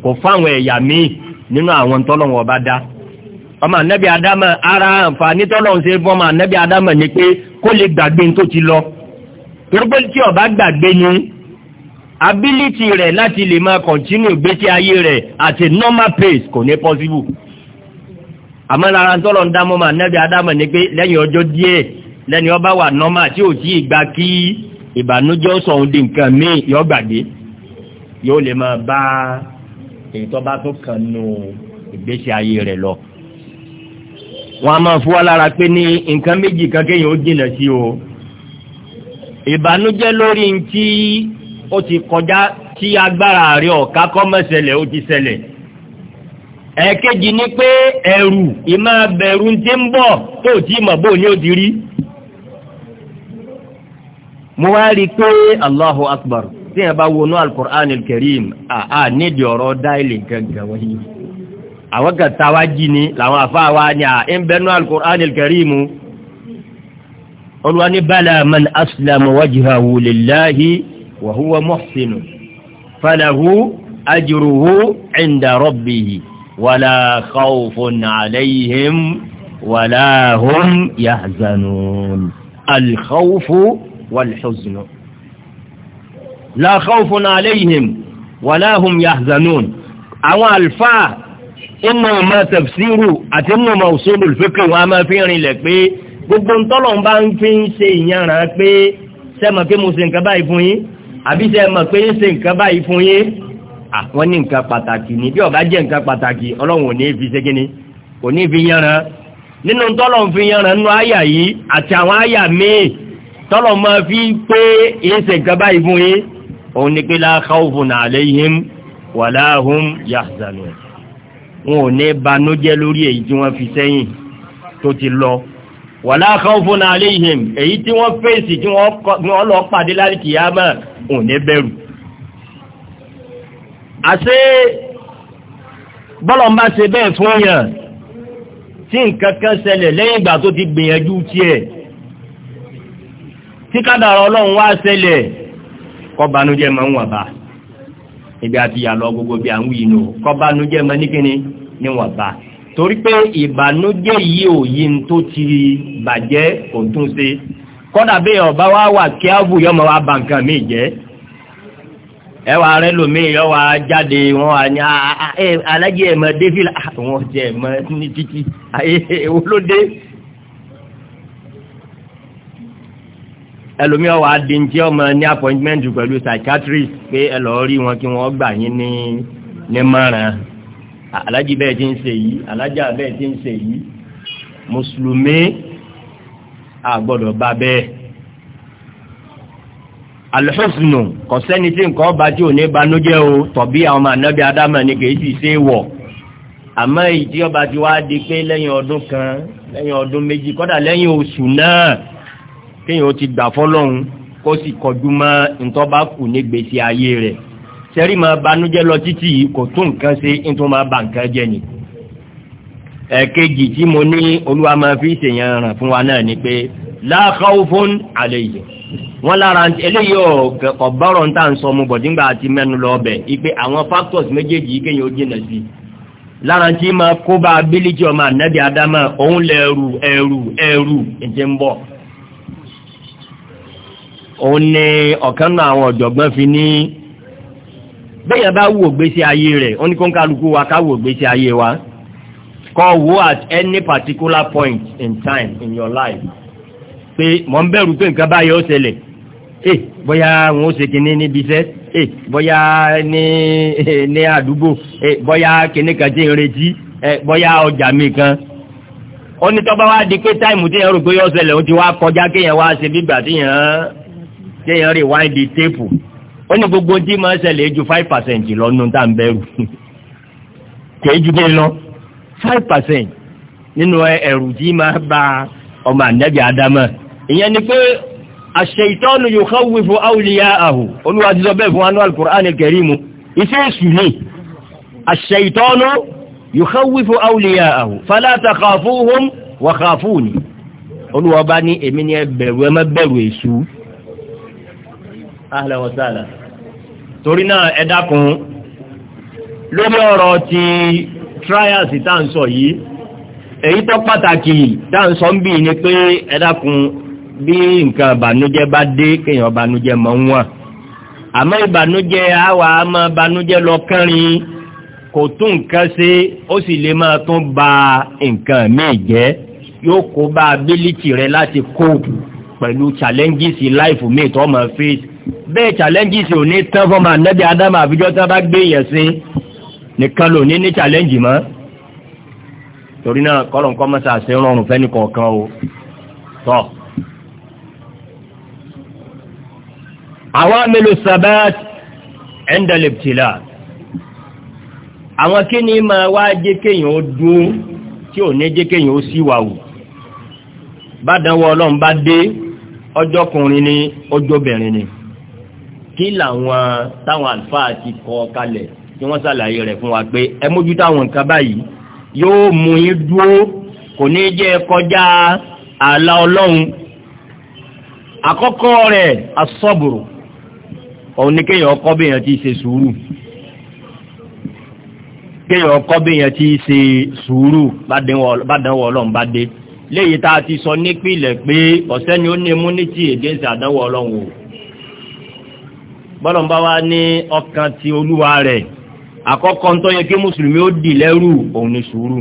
kò fáwọn ẹ̀yà míì nínú àwọn tọ́lọ̀ wọn bá dá ọmọ nẹ́bí adámọ̀ ara àǹfààní tọ́lọ̀ ń ṣe fún ọmọ nẹ́bí adámọ̀ ni pé kó lè gbàgbé tó ti lọ torípé tí ọba gbàgbé ni ability rẹ̀ láti lè máa continue gbésí ayé rẹ̀ at a normal pace kò ní possible àmọ́ lára ń tọ́lọ̀ ń dá mọ́ màá nẹ́bí adámọ̀ ni pé lẹ́yìn ọjọ́ díẹ̀ lẹ́ni ọba wà normal tí ò tí ì gba kí ìbànújẹ́ sọ̀hún di nǹkan míì yọ gbàgbé yóò lè máa bá èyí tó bá tó kàn nù ìgbésí ayé rẹ̀ lọ. wọ́n á máa fún wa lára pé ní nǹkan méjì kan kéèyàn ó jìnnà sí o ìbànújẹ́ lórí ń tí ó ti kọjá tí agbára rẹ ọ̀ká kọ́ mọ́sẹ̀lẹ̀ ó ti ṣẹlẹ̀ ẹ̀ẹ̀kejì ni pé ẹ̀rù ìmọ̀ bẹ̀rù ti ń bọ̀ tó tí mọ̀ bó ni ó ti rí mo wá rí i pé Allahu Akbar tí ẹ bá wọnú al-Qur'an al-Karim àà nídìí ọ̀rọ̀ dáìlì gangan wáyé àwọn kan táwa jí ni làwọn afáwa ni à ń bẹnu al-Qur'an قل وان بلى من أسلم وجهه لله وهو محسن فله أجره عند ربه ولا خوف عليهم ولا هم يحزنون الخوف والحزن لا خوف عليهم ولا هم يحزنون أو الفاء إنما تفسيره أتم موصول الفكر وما فيه لك به gbogbo ntọ́lọ̀ ń bá ń fi ń ṣe ìyanràn pé sẹ́mọ̀ pé mo ṣe nǹkan báyìí fún yín àbí sẹ́mọ̀ pé ń ṣe nǹkan báyìí fún yín àwọn ní nǹkan pàtàkì ní bí ó bá jẹ́ nǹkan pàtàkì ọlọ́run ò ní fi ṣe kíni kò ní fi yanràn nínú tọ́lọ̀ fi yanràn nínú àyà yìí àti àwọn àyà míì tọ́lọ̀ máa fi pé ń ṣe nǹkan báyìí fún yín òun ni pé la khawfun alayhim wala hum yahzanun wọn ò ní banújẹ́ lórí èyí tí wọ́n fi sẹ́yìn tó ti lọ wàlá khawfun alayhim èyí tí wọ́n fèsì tí wọ́n lọ pàdé láti kìyàmà ò ní bẹ̀rù. àṣé bọ́lọ̀ ń bá ṣe bẹ́ẹ̀ fún yàn tí nǹkan kan ṣẹlẹ̀ lẹ́yìn ìgbà tó ti gbìyànjú tiẹ̀ tí kádàrá ọlọ́run wá ṣẹlẹ̀ kọ́banújẹ́ máa ń wà bá ibi àti ìyàlọ́ gbogbo bí àwọn yìí nù kọ́banújẹ́ máa ní kíni níwọ̀n bá torí pé ìbànújẹ́ yìí ò yí ń tó ti bàjẹ́ kò tún ṣe kọ́dà bí ọba wa wà kí ábù yọmọ wa bà nǹkan mi jẹ́ ẹwà rẹ lòmíì yọ wa jáde wọn wà ní alájẹ ẹmọ défìlà àwọn ah, jẹ ẹmọ ní títí ewu ló dé ẹlòmíì ọwọ adìntí ọmọ ní appointment pẹ̀lú psychiatrist pé ẹ lọ rí wọn kí wọn gbà yín ní ní alájì bẹ́ẹ̀ ti ń ṣe yìí alájà bẹ́ẹ̀ ti ń ṣe yìí mùsùlùmí àgbọ́dọ̀ bá bẹ́ẹ̀ alhusnu kò sẹ́ni tí nǹkan ọba tí ò ní banújẹ́ o tọ̀bí àwọn ọmọ ànábì adama ni kì í sì ṣe wọ̀ àmọ́ èyí tí ọba ti wá di pé lẹ́yìn ọdún kan lẹ́yìn ọdún méjì kọ́dà lẹ́yìn oṣù náà kéèyàn ó ti gbà fọ́lọ́hún kó sì kọjú mọ́ ntọ́ba kù ní gbèsè ayé rẹ̀ sẹ́rí máa banújẹ́ lọ títí yìí kò tún nǹkan ṣe nítorí máa ba nǹkan jẹ́ ni. ẹ̀ẹ̀kejì tí mo ní olúwa máa fi ṣèyàn ràn fún wa náà ni pé la khawfun alayhim wọ́n lára eléyìí ọ̀bọ̀rọ̀ ń tà ń sọ mu bọ̀ nígbà tí mẹ́nu lọ bẹ̀ ipe àwọn factors méjèèjì yìí kéèyàn ó jìnà sí lára tí máa kó bá ability ọmọ ànábì adama òun lẹ́rù ẹ̀rù ẹ̀rù ìjẹ́ ń bọ̀ òun ni ọ̀kan náà àwọn ọ̀jọ̀gbọ́n fi ní bẹ́ẹ̀ bá wò gbèsè ayé rẹ̀ ó ní kó ń kálukú wa ká wò gbèsè ayé wa kọ́ wo at any particular point in time in your life pé mọ̀ ń bẹ̀rù pé nǹkan báyìí ṣẹlẹ̀ eh bóyá wọn ó ṣe kínní níbi iṣẹ́ eh bóyá ní ní àdúgbò eh bóyá kínní kan tí ń retí eh bóyá ọjà mi kan ó ní tọ́ba wá di pé táìmù tí yẹn rò pé yóò ṣẹlẹ̀ ó ti wá kọjá kéèyàn wá ṣe bí gbà tí yẹn kéèyàn rewind the tape ó ní gbogbo tí máa ṣẹlẹ̀ ju five percent lọ nínú tá à ń bẹ̀rù kìí ju kí lọ five percent nínú ẹ̀rù tí máa ba ọmọ ànábì ádámà ìyẹn ni pé aṣ-ṣaytanu yukhawwifu awliya'ahu olúwa ti sọ bẹ́ẹ̀ fún anú al-Qur'an al-Karim iṣẹ́ èṣù ni aṣ-ṣaytanu yukhawwifu awliya'ahu fala takhafuhum wa khafuni olúwa bá ní èmi ni ẹ bẹ̀rù ẹ má bẹ̀rù èṣù ahlan wa sahlan torí náà ẹ dákun lórí ọ̀rọ̀ ti trials tá à ń sọ yìí èyí tó pàtàkì tá à ń sọ ń bì ní pé ẹ dákun bí nǹkan ìbànújẹ́ bá dé kéèyàn ìbànújẹ́ mọ̀ ń wọ̀n àmọ́ ìbànújẹ́ àwa máa banújẹ́ lọ kẹrin kò tún nǹkan ṣe ó sì lè máa tún ba nǹkan míì jẹ́ yóò kó bá ability rẹ láti cope pẹ̀lú challenges life míì tó máa face bẹ́ẹ̀ challenges ò ní tán fọ́mọ ànábì ádámù àfijọ́ tí wọ́n bá gbé yẹn sí nìkan ló ní ní challenge mọ́ torí náà kọ́lọ̀ ń kọ́ mọ́sá rọrùn fẹ́ni kọ̀ọ̀kan o tọ́. àwọn amílò sabat endoliptila àwọn kí ni máa wá jẹ́ kéèyàn ó dúró tí ò ní jẹ́ kéèyàn ó síwà wù bá dánwò ọlọ́run bá dé ọjọ́kùnrin ni ọjọ́bìnrin ni kí làwọn táwọn àlùfáà ti kọ kalẹ̀ tí wọ́n ṣàlàyé rẹ̀ fún wa pé ẹ mójútó àwọn nǹkan báyìí yóò mú yín dúró kò ní jẹ́ kọjá ààlà ọlọ́run àkọ́kọ́ rẹ̀ asọ́bùrù òun ni kéèyàn ọkọ bí èèyàn ti ṣe sùúrù kéèyàn ọkọ bí ti ṣe sùúrù bádánwò ọlọ́run bá dé léyìí tá a ti sọ nípìnlẹ̀ pé ọ̀sẹ́ni ó ní immunity against àdánwò ọlọ́run o bọ́lọ̀mbá wa ní ọkàn ti olúwa rẹ̀ àkọ́kọ́ ń tọ́yẹ kí mùsùlùmí ó dì lẹ́rù òun ni sùúrù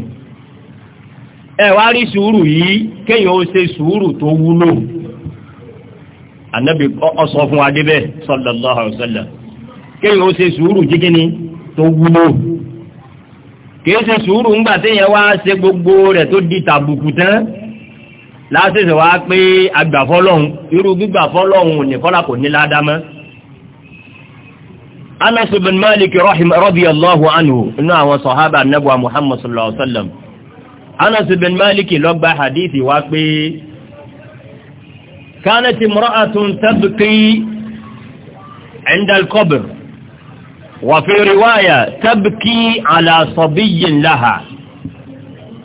ẹ wá rí sùúrù yìí kéèyàn ó ṣe sùúrù tó wúlò ànábì ọsọ fún wa débẹ̀ sallallahu alaihi wasallam kéèyàn ó ṣe sùúrù jíkíní tó wúlò kìí ṣe sùúrù ńgbà téèyàn wá ṣe gbogbo rẹ̀ tó di tàbùkù tán láṣẹṣẹ wá pé agbàfọlọ́hún irú gbígbàfọlọ́hún nìkọ́lá kò ní ládàá mọ́ anas bin malik rahim radiyallahu anhu inú àwọn sọ̀hábà anábùwà muhammad sallallahu alaihi wa sallam anas bin malik ló gba hadithi wá pé كانت امرأة تبكي عند القبر وفي رواية تبكي على صبي لها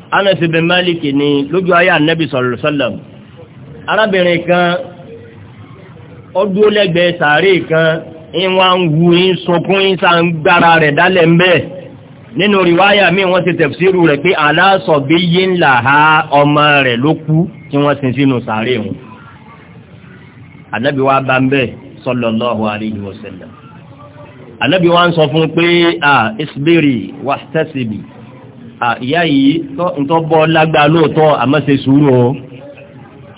Anas bin Malik ni lójú ayé Ànábì sallallahu alaihi wasallam arábìnrin kan ó dúró lẹ́gbẹ̀ẹ́ sàárè kan ìwà ń wu ń sunkún ń sa ń gbára rẹ̀ dálẹ̀ ń bẹ́ẹ̀ nínú rìwáyà mi wọ́n ti tẹ̀fsíìrù rẹ̀ pé aláṣọ̀bí yé ńlá ha ọmọ rẹ̀ ló kú tí wọ́n sin sínú sàárè wọn ànábì wa bá ń bẹ́ẹ̀ sallallahu alayhi wa sallam ànábì wa ń sọ fún pé à isbiri wahtasibi à ìyá yìí tó ń tọ́ bọ́ lágbàá lóòótọ́ àmọ́ ṣe sùúrù o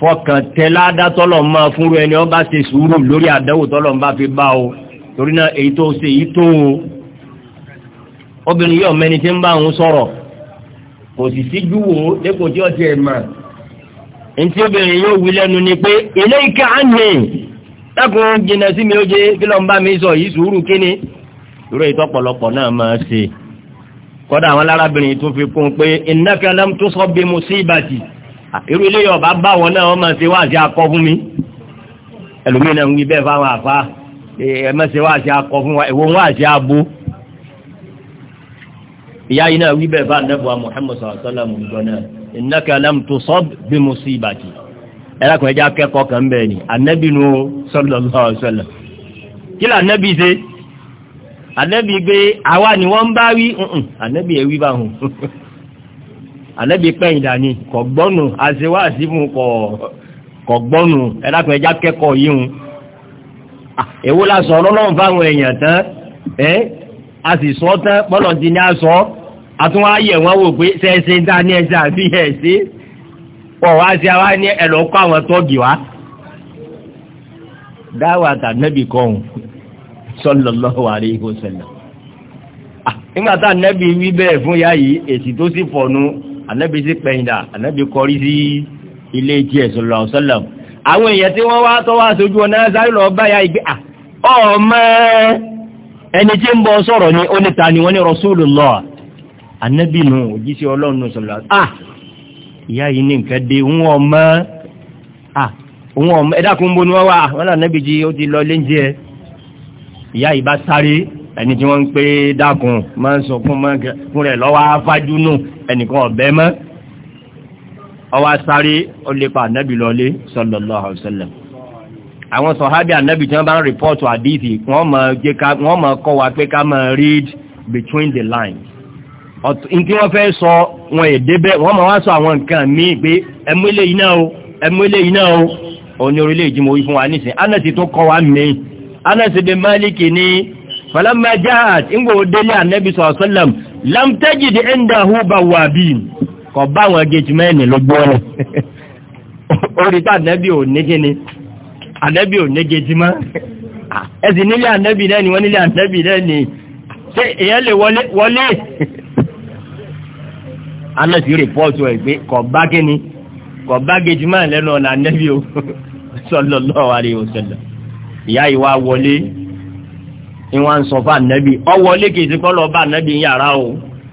fọkàn tẹ ládá tọ́lọ̀ máa fúnrú ẹni ọba ṣe sùúrù lórí àdánwò tọ́lọ̀ bá fi bá o torí náà èyí tó ṣe èyí tó o obìnrin yóò mẹni tí ń bá òun sọ̀rọ̀ kò sì síjú wo dépò tí ọtí ẹ̀ mà ntí obìnrin yóò wí lẹ́nu ni pé ilé ìka ànyè dákun jìnnà sí mi ó jẹ kí ló bá mi sọ yìí sùúrù kíni irú èyí tọ́pọ̀lọpọ̀ náà máa ṣe kọ́dà àwọn arábìnrin tó fi kún un pé innaka lam tusab bi musibati irú ilé ọba bá wọn náà wọ́n máa ṣe wáàsí akọ fún mi ẹlòmíín náà ń wí bẹ́ẹ̀ fáwọn àfa ẹ máa ṣe wáàsí akọ fún wa ìwọ wáàsí abo ìyá yìí náà wí bẹ́ẹ̀ fáwọn nẹ́bùwà Muhammad sallallahu alaihi wasallam ǹjọ́ náà innaka lam tusab bi musibati ẹlẹ́kùn ẹja akẹ́kọ̀ọ́ kan bẹ́ẹ̀ ni anabi nu sallallahu alaihi wasallam kí ló anabi ṣe anabi gbé àwa ni wọ́n bá wí anabi ẹ̀ wí báwọn ànábì pẹ́yìn dání kọ̀ gbọ́nù àṣewáṣí fún kọ̀ gbọ́nù ẹ̀dàkùn ẹja kẹ́kọ̀ọ́ yìí hun èwo la sọ ọlọ́run fáwọn èèyàn tán ẹ́ a sì sọ tán pọ́lọ̀ ti ní a sọ àtúnwá yẹ̀ wọ́n wò pé ṣẹ́ẹ́ṣe ń dání ẹ̀ṣẹ́ àbí ẹ̀ṣẹ́ pọ̀ wá sí àwa ní ẹ̀lọ́kọ́ àwọn tọ́gì wá dáwà tànẹ́bì kọ́hùn sallallahu alaihi wasallam nígbà tànẹ́bì ànábì sí pẹ̀yìndà ànábì kọrí sí ilé tiẹ̀ sọ̀rọ̀ ọ̀sọ́lọ̀ àwọn èèyàn tí wọ́n wá tọ́ wá sójú ọ̀nà sáré lọ báyà ìgbé à ọmọ ẹni tí ń bọ sọ̀rọ̀ ni ó níta ni wọ́n ní Rasulullah ànábì nù òjíṣẹ́ ọlọ́run sọ̀rọ̀ à ìyá yìí ní nǹkan dé ń wọ́n mọ́ ẹ̀dá kún bó ni ẹni tí wọ́n ń pé dákun máa ń sọ fún máa ń kẹ fún rẹ̀ lọ́wọ́ afájú nù ẹnìkan ọ̀bẹ mọ́ ọwọ́ sáré ó ànábì lọlé sallallahu alaihi àwọn sọ̀hábì ànábì tí wọ́n bá ń rìpọ́ọ̀tù àdìsí wọ́n máa kọ́ wa pé ká máa read between the lines ọ̀tún wọ́n fẹ́ sọ wọn èdè wọ́n máa wá sọ àwọn nǹkan míì pé ẹmú iná o ẹmú iná o òní orílẹ̀-èdè fún wa nísìnyí anẹ́sì tó kọ́ wa mí anẹ́sì bíi máàlìkì ní falamma jaat ngbo délé ànẹ́bí sọ̀sọ́lẹ̀m lamtẹ́jìdì ẹ̀ndàhù bá wà bí kọ̀ bá wọn gẹ̀ẹ́jì mẹ́rin lójú ọ̀nà orí tá ànẹ́bí ò nígi ni ànẹ́bí ò nígi ti mọ́ ẹ̀sìn nílé ànẹ́bí náà ni wọ́n nílé ànẹ́bí náà ni ṣé èèyàn lè wọlé wọlé anẹ́sì rìpọ́ọ̀tù ẹ̀ pé kọ̀ bá kíni kọ̀ sallallahu alaihi wasallam ìyá ìwà wọlé ìwọ̀n ń sọ fún ànábì ọwọ́ lékè sí kọ́ lọ bá ànábì yàrá o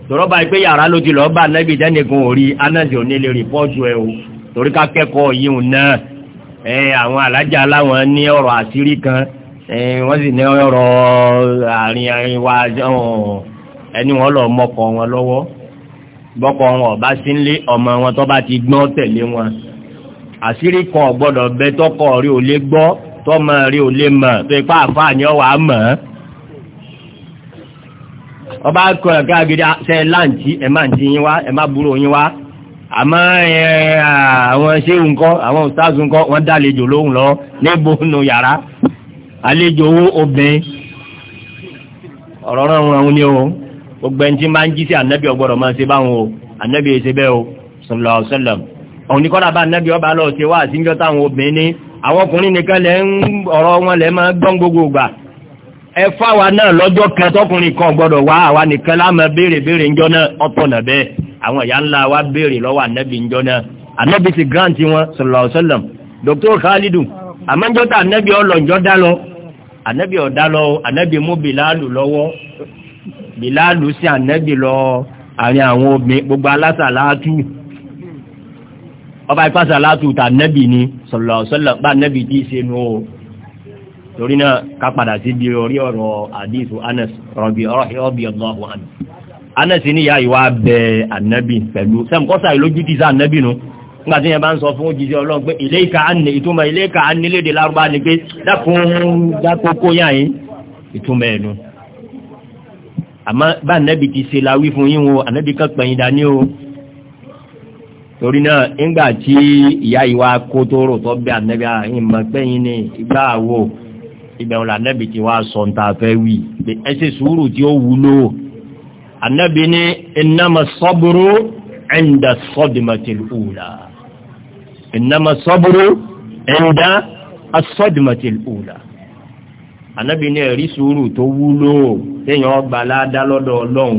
tọ́rọ́ báyìí pé yàrá ló ti lọ bá ànábì dẹ́nìkan ò rí anáàzì ò ní lè rìpọ́ọ̀tù ẹ o torí ká kẹ́kọ̀ọ́ yìí náà ẹ àwọn alájà láwọn ní ọ̀rọ̀ àṣírí kan ẹ wọ́n sì ní ọ̀rọ̀ àárín wa ẹni wọn lọ mọkọ wọn lọ́wọ́ bọ́kọ wọn ọba sínlé ọmọ wọn tó bá ti gbọ́n tẹ̀lé wọn àṣírí kan gbọ́dọ̀ bẹ tọkọ rí ò lè gbọ́ tọmọ rí ò lè mọ̀ pé pàápàá ni ọ wàá mọ̀ ọ́ ọba kọ ẹ̀ka agidi ṣe láǹtí ẹ̀ máa ń ti yín wá ẹ̀ máa búrò yín wá àmọ́ àwọn ṣéwù ńkọ́ àwọn òṣìṣàṣù ńkọ́ wọ́n dá àlejò lóhùn lọ níbo nù yàrá àlejò owó obìnrin ọ̀rọ̀ náà wọn ni o gbogbo ẹni tí máa ń jí sí ànábì ọgbọ́dọ̀ máa ṣe báwọn o ànábì ṣe bẹ́ẹ̀ o sọlọ sọlọ òun ni kọ́dà bá ànábì ọba lọ ṣe wá àtijọ́ táwọn obìnrin ní àwọn ọkùnrin nìkan lẹ́ ń ọ̀rọ̀ wọn lẹ́ máa gbọ́n gbogbo gbà ẹ fáwa náà lọ́jọ́ kan tọkùnrin kan gbọ́dọ̀ wá àwa nìkan láàmú béèrè béèrè ńjọ́ náà ọ̀tọ̀nà bẹ́ẹ̀ àwọn ìyá ńlá wa béèrè lọ́wọ́ ànábì ńjọ́ náà ànábì ti grant wọn sallallahu sallam Dr. Khalidu àmọ́jọ́ta ànábì ọlọ́njọ́ dá lọ ànábì ọ̀dá lọ ànábì mú Bilalu lọ́wọ́ Bilalu sí ànábì lọ àárín àwọn obìnrin gbogbo alásàlátù ọba ìfásàlátù tà ànábì ni sallallahu sallam bá ànábì tí torí náà ká padà sí di orí ọ̀rọ̀ àdìsù anas rọ̀bì ọ̀rọ̀bì ọ̀gbọ̀n wọn. anas ní ìyá ìwà bẹ anabi pẹ̀lú sẹ́mukọ́sà ìlójú ti sá anabi nu nígbà tí yẹn bá ń sọ fún òjijì ọlọ́run pé ilé ìka àní ìtumọ̀ ilé ìka àní léde lárúbá ni pé dákun dákókó yàn yín ìtumọ̀ ẹ̀nu. àmọ́ bá anabi ti ṣe la wí fún yín o anabi kan pẹ̀yìn dání o torí náà ńgbà tí ìyá ìwà kótóró tó bẹ anabi àyìnbá pẹ́yìn ní ìgbà àwò ibẹ̀ wọn lànàbì ti wá sọ ń ta fẹ́ wí ẹ ṣe sùúrù tí ó wúlò ànàbì ní innama sabru inda as-sadmatil ula innama sabru inda as-sadmatil ula ànàbì ní ẹ̀rí sùúrù tó wúlò téèyàn ọgbà ládá lọ́dọ̀ ọlọ́run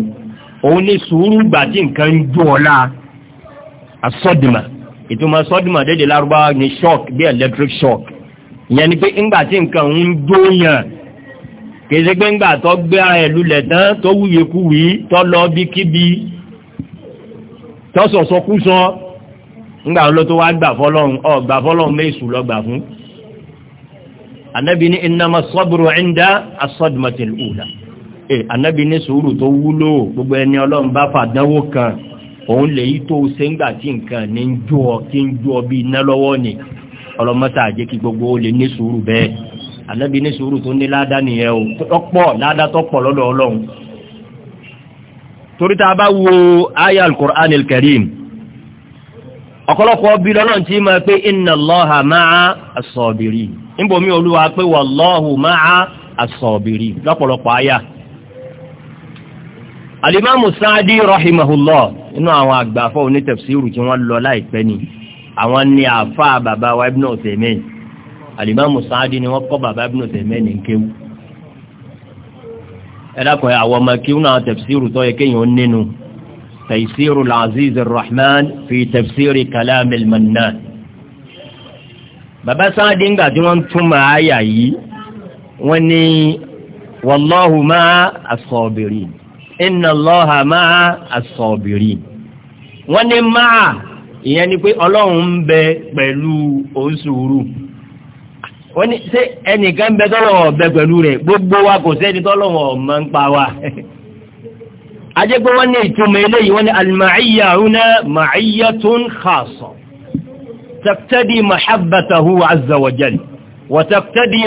òun ní sùúrù gbàdí nǹkan ń jó ọ̀la as ìtumọ̀ as dédé lárúbáwá ní shock bí electric shock ìyẹn ni pé ńgbà tí nǹkan ń dóyàn kèsè pé ńgbà tó gbé ara ẹ̀ lulẹ̀ tán tó wuyekuwi tó lọ bíkíbi tó sọ̀sọkúsọ ńgbà ló tó wá gbà fọlọ́run ọ gbà fọlọ́run méṣù lọ gbà fún. anabi ni innama sabru inda as-sadmatil ula ee anabi ní sùúrù tó wúlò gbogbo ẹni ọlọ́run bá fàdánwò kan òun lèyí tó ṣe ńgbà tí nǹkan ní ń jó kí ń jó bí iná lọ́wọ́ ni ọlọmọta àjẹ kí gbogbo ó lè ní sùúrù bẹ́ẹ̀ ànábi ní sùúrù tó ní ládàá nìyẹn o tọpọ ládàá tọpọ lọ́dọ̀ Ọlọ́run torí tá a bá wo aya al-Qur'an al-Karim ọ̀pọ̀lọpọ̀ bí lọ́nà tí ma pé inna Allaha ma'a as-sabirin níbomi olúwa pé wallahu ma'a as-sabirin lọ́pọ̀lọpọ̀ aya alimamu Sa'di rahimahullah inú àwọn àgbàfọ́ onítẹ̀fsíìrù tí wọ́n lọ láìpẹ́ ni àwọn ni àfa bàbá wa ibùnà òsèmẹ́yìn alimamu sáádì ni wọ́n kọ́ bàbá ibùnà òsèmẹ́yìn ń kéwù ẹ̀dàkùn àwọn ọmọ kí wọn tẹ̀fsíìrù tó yẹ kéyìn ó nínú tẹ̀síìrù al-aziz ar-rahman fi tẹ̀fsíìrì kalam al-mannan bàbá sáádì ńgbà tí wọ́n túmọ̀ àyà yìí wọ́n ní wallahu ma'a as-sabirin inna allaha ma'a wọ́n ní máa ìyẹn ni pé ọlọ́run ń bẹ pẹ̀lú oṣùúrù wọ́n ní ṣé ẹnìkan ń bẹ tọ́lọ́wọ̀ ọ̀bẹ pẹ̀lú rẹ̀ gbogbo wa kò sẹ́ni tọ́lọ́wọ̀ ọ̀mọ ń pa wa ajé pé wọ́n ní ìtumọ̀ eléyìí wọ́n ní al-ma'iyya huna ma'iyyatun khassa taqtadi mahabbatahu azza wa jalla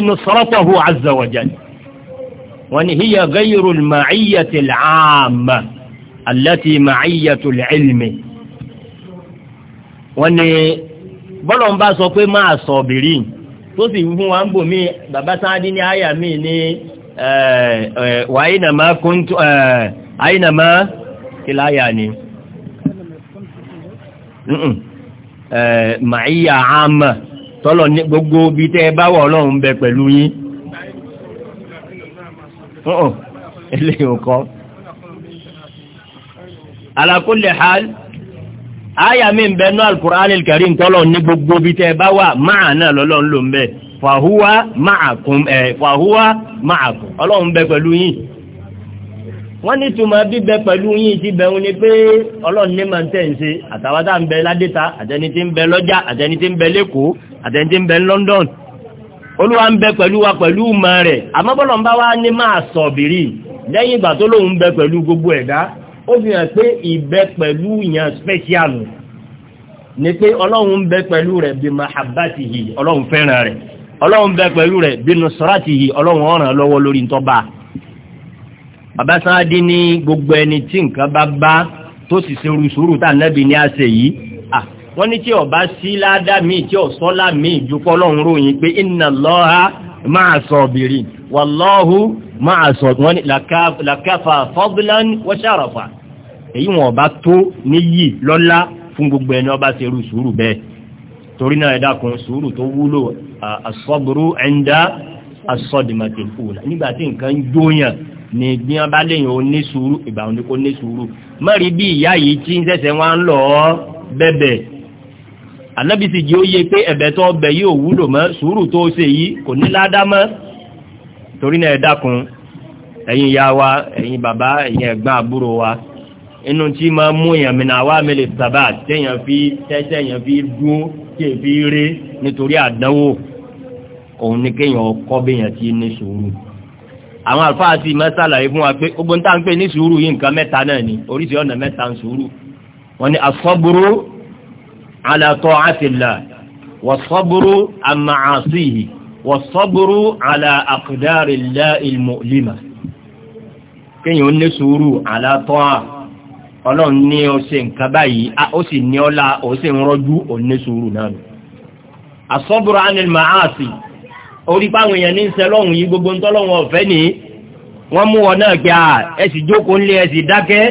nusratahu azza wọ́n ní hiya ghayru al-ma'iyyati al-'amma allati wọ́n ní bọ́lọ̀ ń bá sọ pé máa sọ bìrì tó sì fún wa ń bò mí bàbá sáádé ní àyà mi ní wà kúntù áyínàmá kí láyà ni màáyà àmà tọ́lọ̀ ní gbogbo bí tẹ́ bá wà ọlọ́run bẹ pẹ̀lú yín eléyìí kọ́ ala kulli hal. aya mi ń bẹ nú alukur'an karim ní gbogbo bí tẹ́ bá wà máa náà lọ́lọ́run ló ń bẹ fàhúwa ma'akum ẹ̀ fàhúwa ma'akum ọlọ́run bẹ pẹ̀lú yín wọ́n ní túmọ̀ bíbẹ pẹ̀lú ti ni pé ọlọ́run ní màá àtàwádà ń bẹ ládẹ́ta àtẹni tí ń bẹ lọ́jà àtẹni tí ń bẹ lẹ́kọ̀ọ́ àtẹni tí ń bẹ London olúwa ń bẹ pẹ̀lú wa pẹ̀lú rẹ̀ ó fi hàn pé ìbẹ pẹ̀lú yàn special ni pé ọlọ́run ń bẹ pẹ̀lú rẹ̀ bí mahabbatihi ọlọ́run fẹ́ràn rẹ̀ ọlọ́run bẹ pẹ̀lú rẹ̀ bí nusratihi ọlọ́run ọ̀ràn lọ́wọ́ lórí ntọ́ba bàbá n'i gbogbo ẹni tí nǹkan bá bá tó sì ṣe orí tá nẹ́bi a àṣẹ yìí wọ́n ní tí ọba sí ládá míì tí ọ̀sọ́lá míì ju kọ́lọ́run ròyìn pé èyí wọn ọba tó níyì lọ́lá fún gbogbo ẹni ọba ṣe irú sùúrù bẹ́ẹ̀ torí náà ẹ dákun sùúrù tó wúlò àsọgbòrò ẹ̀ńdá àsọdìmọ̀tì fúnra nígbà tí nǹkan ń jóyàn ní bí wọn bá léyìn ó ní sùúrù ìgbà wọn ni kò ní sùúrù mọ́rí bí ìyá yìí tí ń sẹ̀sẹ̀ wọn ń lọ bẹ́bẹ̀ ànábì sì jẹ́ ó yẹ pé ẹ̀bẹ̀ tó ọbẹ̀ yìí ò wúlò mọ́ sùúrù tó ṣe yìí kò ní ládá mọ́ torí náà ẹ dákun ẹ̀yin ìyá wa ẹ̀yin bàbá ẹ̀yin ẹ̀gbọ́n àbúrò wa inú tí máa mú èèyàn mi náà wá mi lè sábà téèyàn fi tẹ́tẹ́ èèyàn fi dúó tí èèyàn fi rí nítorí àdánwò òun ní kéèyàn ọkọ béèyàn ti ní sùúrù àwọn àlùfáà sì máa ṣàlàyé fún wa pé gbogbo níta ń pè ní sùúrù yìí nǹkan mẹ́ta náà ni oríṣi ọ̀nà mẹ́ta ń sùúrù wọn ni asọ́bùrú ala ta'atillah wọ́sọ́bùrú àmàásìhì wọ́sọ́bùrú ala aqdarillahi al-mu'lima kéèyàn ní sùúrù ala ta'a ọlọ́run ní ọ ṣe nǹkan báyìí ó sì ní ọlá ó sì ń rọ́jú òní sùúrù náà nù. asọ́bùrù anil ma'asi orí báwọn èèyàn ní ń sẹ lọ́hùn ni wọ́n mú wọn náà gbé a ẹ sì jókòó ńlẹ̀ ẹ sì dákẹ́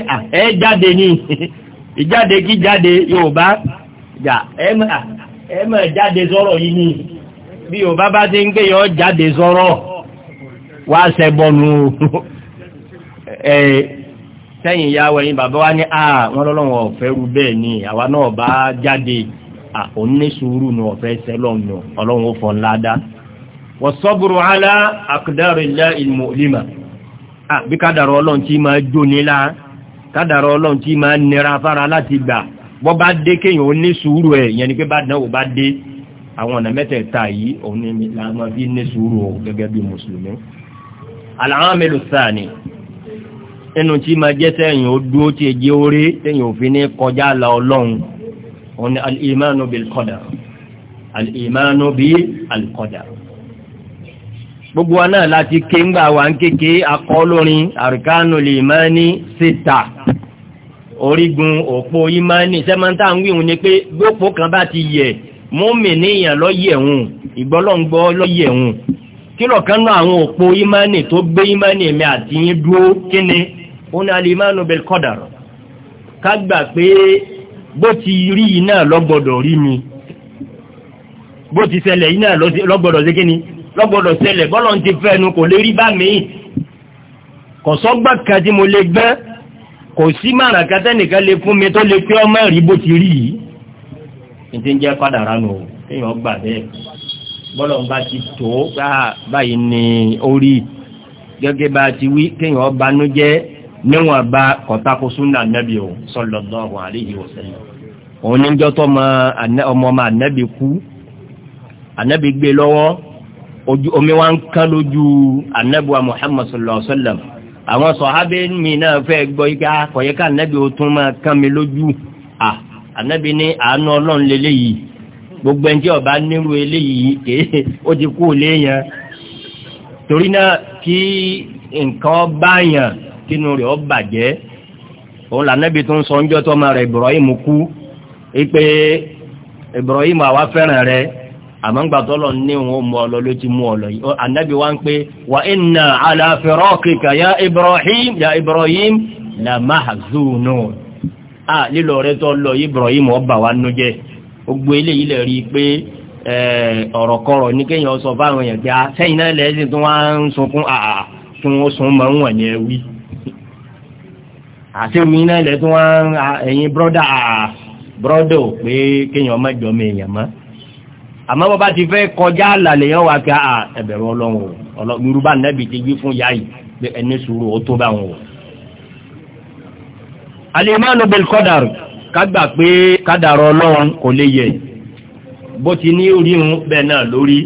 ẹ jáde ní ìjáde kí jáde yorùbá jà ẹ mọ̀ jáde sọ̀rọ̀ yìí ni bí yorùbá bá ti ń gbé yọ jáde sọ̀rọ̀ wá sẹ́yìn ya wẹ̀yìn bàbá wa ní àà wọ́n lọ́lọ́wọ́ ọ̀fẹ́ rú bẹ́ẹ̀ ni àwa náà bá jáde àonísùúrù nù ọ̀fẹ́ sẹ́lọ̀nù ọlọ́run ó fọ́n ládá wọ́sọ́bùrù alá àkùdárìlá ìmọ̀límà bí kádàrọ̀ ọlọ́run tí máa jónílá kádàrọ̀ ọlọ́run tí máa nira fára láti gbà bọ́ bá dé kéèyàn onísùúrù ẹ̀ yẹn ni pé bá dánwò bá dé àwọn ọ̀nà mẹ́tẹ̀ẹ̀ta yìí òun nínú tí máa jẹ́ sẹ́yìn ó dúró tí èjì orí sẹ́yìn òfin ní kọjá la ọlọ́run òun ni al-imanu bil-qadar al-imanu bil-qadar gbogbo wa náà láti ké ńgbà wà ń kéke akọlórin arkanul imani sita orígun òpó imani sẹ́mọ́ntà ń wíhun ni pé gbópo kan bá ti yẹ mọ́mì níyàn lọ́yẹ̀hún ìgbọ́lọ́ngbọ́ lọ́yẹ̀hún kí lọ́kàn náà àwọn òpó imani tó gbé imani mi àti yín dúró kíni Ona ni alimanu bel qadar ká gbà pé bó ti rí yìí náà lọ́gbọ́dọ̀ rí mi bó ti ṣẹlẹ̀ yìí náà lọ́gbọ́dọ̀ ṣe kíni lọ́gbọ́dọ̀ ṣẹlẹ̀ bọ́lọ̀ ti fẹ́ nu kò lè rí bá mi kò sọ́gbà kan tí mo lè gbẹ́ kò sí màrà kátẹ́ nìkan lè fún mi tó lè pé ọmọ rí bó ti rí yìí ètò ń jẹ́ kádàrá nù o gbà bẹ́ẹ̀ bọ́lọ̀ ń bá ti tó báyìí ni ó rí gẹ́gẹ́ bá ti wí kéèyàn banú jẹ́ níwọ̀n bá kọ̀tàkù súnà nẹ́bí o sallallahu alaihi wa sallam òun ní jọ́ tó ọmọ ọmọ ànẹ́bí kú ànẹ́bí gbé lọ́wọ́ omi wa ń kán lójú ànẹ́bí wa Muhammad sallallahu alaihi sallam àwọn sọ̀hábẹ́ mi náà fẹ́ gbọ́ yí ah, ká kọ̀yẹ́ ká ànẹ́bí o tún máa kán mi lójú à ànẹ́bí ní àánú ọlọ́run lélẹ́yìí gbogbo ẹni tí ọba nírú eléyìí kéé ó ti kú léèyàn torí náà kí nǹkan báyàn tínú rẹ̀ ó bàjẹ́ òun lànàbí tó ń sọ ńjọ́ tó máa rẹ̀ Ibrahim kú ipe Ibrahim àwa fẹ́ràn rẹ̀ àmọ́ ńgbà tó lọ ní òun mú ọ lọ ló ti mú ọ lọ yìí ànàbí wa ń pé wa inna ala firaqika ya Ibrahim ya Ibrahim la mahzunun à lílọ rẹ̀ tó lọ Ibrahim ọba wa nú jẹ́ gbogbo eléyìí lè rí i pé ọ̀rọ̀kọ̀rọ̀ ní kéèyàn sọ fáwọn èèyàn pé ah, sẹ́yìn náà lẹ́sìn tí wọ́n á ń sunkún àà tí wọ́n sun mọ́ wọn ní ẹwí àṣẹ́mi náà lẹ́ tí wọ́n ẹ̀yin brọ́dà brọ́dà ò pé kéèyàn mẹ́jọ mi èèyàn mọ́ àmọ́ bọ́ bá ti fẹ́ kọjá àlàlẹ̀ yẹn wà ká ẹ̀bẹ̀rù ọlọ́run ọlọ́run yorùbá nẹ́bì ti wí fún yáyì pé ẹni sùúrù ó tó bá wọn o. alimanu bil kọdàrú kágbà pé kádàrọ ọlọ́run kò lè yẹ bó ti ní ríhun bẹ́ẹ̀ náà lórí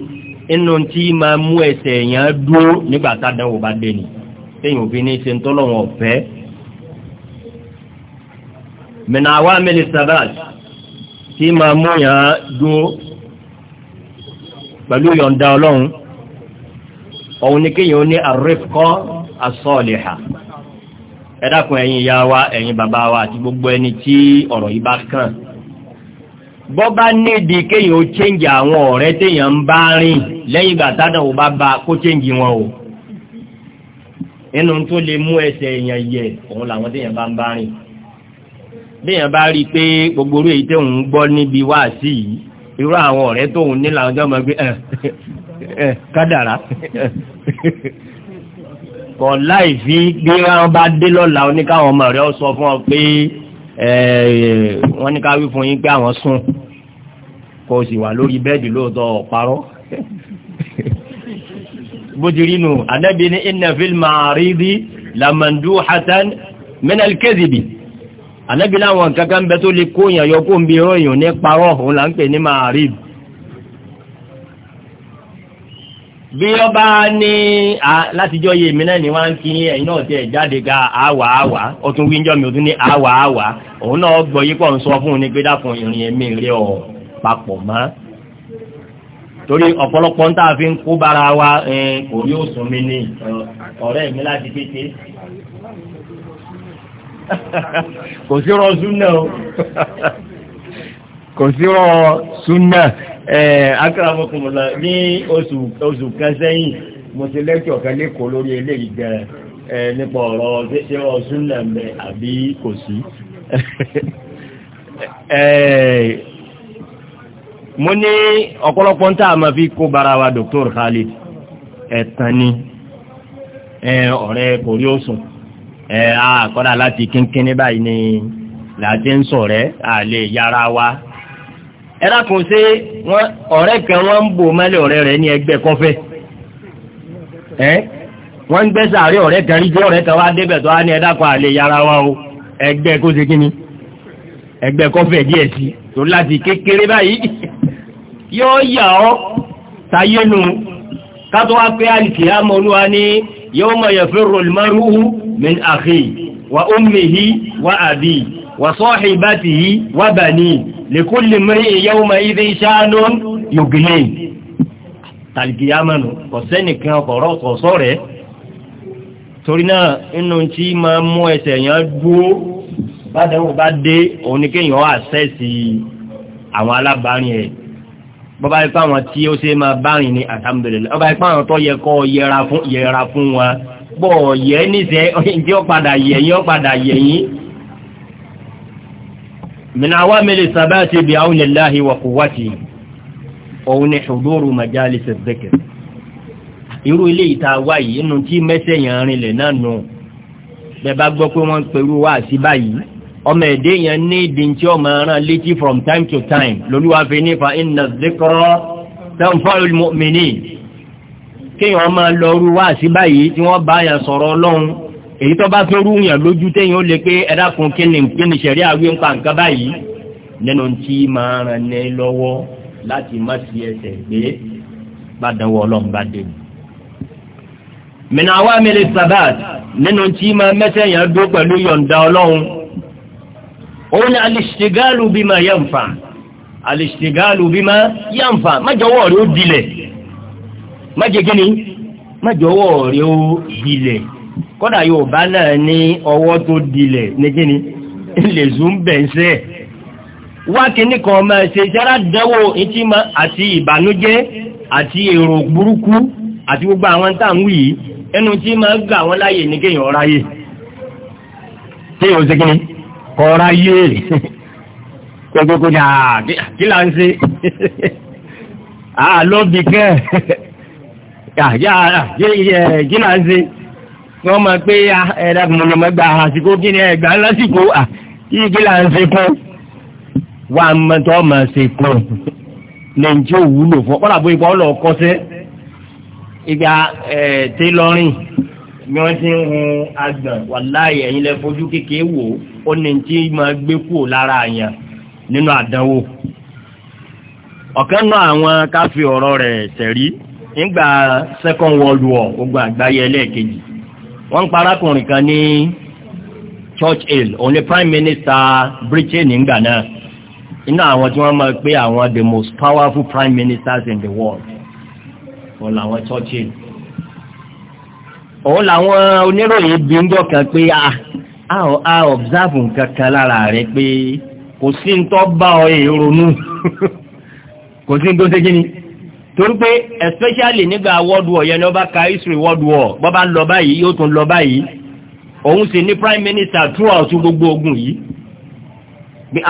inú tí máa mú ẹsẹ̀ yẹn dúró nígbà tádàwọ̀ min awamil sabat ma máa mú yàn dúró pẹ̀lú yọ̀ǹda ọlọ́run òun ni kéèyàn ní ìyá wa ẹ̀yin bàbá wa àti gbogbo ẹni tí ọ̀rọ̀ yìí kàn bọ́ bá nídìí ó àwọn ọ̀rẹ́ ń bá rìn lẹ́yìn ba kó wọn o inú tó lè mú ẹsẹ̀ èèyàn yẹ òun làwọn bíyàn bá rí i pé gbogbo orí èyí tóun gbọ́ níbi wáàsí yìí irú àwọn ọ̀rẹ́ tóun ní làwọn jọ́ mọ̀ pé ẹ̀ ẹ̀ kádàrá kọ̀ láì fi bí wọ́n bá dé lọ́la oníkàwọn ọmọ rẹ̀ sọ fún ọ pé wọ́n ní ká wí fún yín pé àwọn sùn kò sì wà lórí bẹ́ẹ̀dì lóòótọ́ ọ̀parọ́ bójúrínù anábìíní ìnàfíìl màrídì làmàndú hatan mẹ́nàlì kẹ́zìbì ànábi láwọn kankan bẹ tó lè kóyàn yọ kó ń bi ròyìn ní parọ́ òun là ń pè ní maharib bí ọba ní látijọ́ yé mi náà ni wọ́n ń kí ẹ̀yin náà tẹ̀ jáde ga àwà àwà ó tún wíjọ́ mi ó tún ní àwà àwà òun náà gbọ́ yí pọ̀ ń sọ fún un ní pé dákun ìrìn ẹ̀mí rẹ̀ ọ̀ papọ̀ mọ́ torí ọ̀pọ̀lọpọ̀ ń tà fi ń kó bára wa kò rí òsùn mi ní ọ̀rẹ́ mi láti kékeré kò sí rọ súnà o kò sí rọ súnà akérèmọkùnmọlá ní oṣù kan sẹ́yìn mo ti lẹ́kọ̀ọ́ kan lẹ́kọ̀ọ́ lórí eléyìí gan nípa ọ̀rọ̀ ṣé rọ súnà mẹ́ àbí kò sí mo ní ọ̀pọ̀lọpọ̀ ń tàà ma fi kó bara wa Dr. Khalid ẹ̀tàn ni ọ̀rẹ́ kò rí òsùn ẹ àkọ́dà láti kínkín ní báyìí ni láti ń sọ̀rẹ́ àlè yára wa ẹ dákun ṣé ọ̀rẹ́ kan wọ́n ń bò mọ́lẹ̀ ọ̀rẹ́ rẹ̀ ní ẹgbẹ́ kọfẹ́ ẹ wọ́n ń gbẹ́sẹ̀ àárẹ̀ ọ̀rẹ́ kan rí jẹ́ ọ̀rẹ́ kan wá débẹ̀ tó wá ní ẹ dákun àlè yára wa o ẹgbẹ́ kó ṣe kí ni ẹgbẹ́ kọfẹ́ díẹ̀ sí tó láti kékeré báyìí yóò yà ọ́ tayénu kátó wá pé àlìkìyàmọ́ olúwa ní yawma yafirru al-mar'u min akhi wa ummihi wa abi wa sahibatihi wa bani li kulli mri'in yawma idhin sha'nun yughni talqiyamanu kò sẹ́nìkan koro ko sore torí náà inú tí máa mú ẹsẹ̀ yẹn dúró bádẹ́wò bá dé òun ni kéèyàn àwọn alábàárin ẹ̀ bọ́bá ipá àwọn tí ó ṣe máa bárin ní alhamdulillah bọ́bá ipá àwọn tó yẹ kó yẹra fún wọn bọ̀ yẹ́ níṣẹ́ ǹjẹ́ ọ̀padà yẹ̀yìn ọ̀padà yẹ̀yìn min awamili sabati bi auni llahi wa quwwati òun ni huduru majalis adh-dhikr irú ilé ìta wá yìí inú tí mẹ́sẹ̀yàn rinlẹ̀ náà nù bẹ́ẹ̀ gbọ́ pé wọ́n ń perú wá sí báyìí ọmọ èdè yẹn ní ìdíntí ọmọ ẹran létí from time to time lolúwa fi nífa inna dhikra tanfa'ul mu'minin kéèyàn máa lọ ru wáàsí báyìí tí wọ́n bá yàn sọ̀rọ̀ ọlọ́run èyí tó bá tó rú yàn lójú téèyàn ó lè pé ẹ dákun kí ni kí ni ṣẹ̀rí àwí ń pa nǹkan báyìí nínú tí máa ràn ní lọ́wọ́ láti má sí ẹsẹ̀ gbé bá dánwò ọlọ́run bá dé mi. mìnà àwa mi lè sabat nínú tí máa mẹ́sẹ̀ yẹn dó pẹ̀lú yọ̀ǹda ọlọ́run òun ni alìṣègálù bímọ yẹn fà alìṣègálù bímọ yẹn fà májọwọ́ rẹ̀ ó dilẹ̀ má jẹ́ kíni má jẹ́ ọwọ́ rẹ ó dilẹ̀ kódà yorùbá náà ní ọwọ́ tó dilẹ̀ ní kíni ilẹ̀ zùn bẹ̀nsẹ̀ wá kíní kan máa ṣe sára dánwò etí àti ìbànújẹ́ àti èrò burúkú àti gbogbo àwọn tá yìí ẹnu tí máa gbà wọ́n láàyè ní kéèyàn ọ̀ráyè kéèyàn ó ṣe kíni ọ̀ráyè kókókó ni àà kí là ń ṣe àà lóbi kẹ́ẹ̀ kí là ń ṣe wọ́n máa pé ah, ẹ̀dá mọ̀nàmọ́gbà àsìkò kí ni ẹ̀gbà lásìkò ah, kí kí là ń ṣe fún wa mọ́tọ́ máa ṣe fún nàìjíríà wúlò fún ọ́ làbó ipò ọ̀lọ́ kọ́sẹ́ ìgbà tẹ́lọ́rìn ni wọ́n ti ń hun agbọ̀n wàláyé ẹ̀yin lẹ fojú kékeré wò ó ní tí máa gbé kúrò lára àyàn nínú àdánwò ọ̀kan náà àwọn káfí ọ̀rọ̀ rẹ̀ tẹ̀rí nígbà second world war gbogbo àgbáyé ẹlẹ́ẹ̀kejì wọ́n ń parákùnrin kan ní Churchill òun ni prime minister Britain nígbà náà iná àwọn tí wọ́n máa pé àwọn the most powerful prime ministers in the world òun làwọn Churchill òun làwọn oníròyìn bí ń jọ kan pé ah, a a observe nǹkan kan lára rẹ̀ pé kò sí ń tọ́ bá ọ èrò nù kò sí ń tó ṣe kí ni torí pé especially nígbà world war yẹn ni ọba ka history world war bọ́ba ń lọ báyìí yóò tún lọ báyìí òun sì ní prime minister throughout gbogbo ogun yìí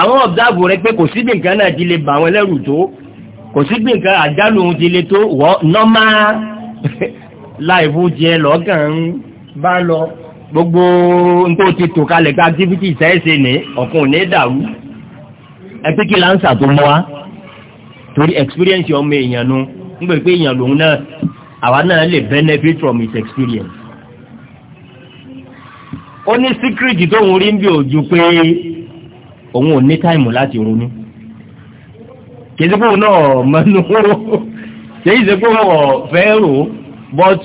àwọn observe rẹ pé kò síbi nǹkan náà ti lè bà wọn lẹ́rù tó kò síbi nǹkan àjálù òun ti lè tó wọ́ normal life jẹ lọ́gàn ń bá lọ gbogbo nǹkan ti tò kalẹ̀ pé activity sẹ́ẹ̀sì ni ọ̀kan ò ní dàrú ẹ pé kí láǹsà tó mọ́ wa torí experience ọmọ èèyàn nu ń pè pé èèyàn lòun náà àwa náà lè benefit from his experience ó ní síkírìtì tóun rí ń bí òjú pé òun ò ní táìmù láti ronú kìí pé òun náà mọnú kìí ṣe pé òun ọ̀fẹ́ rò but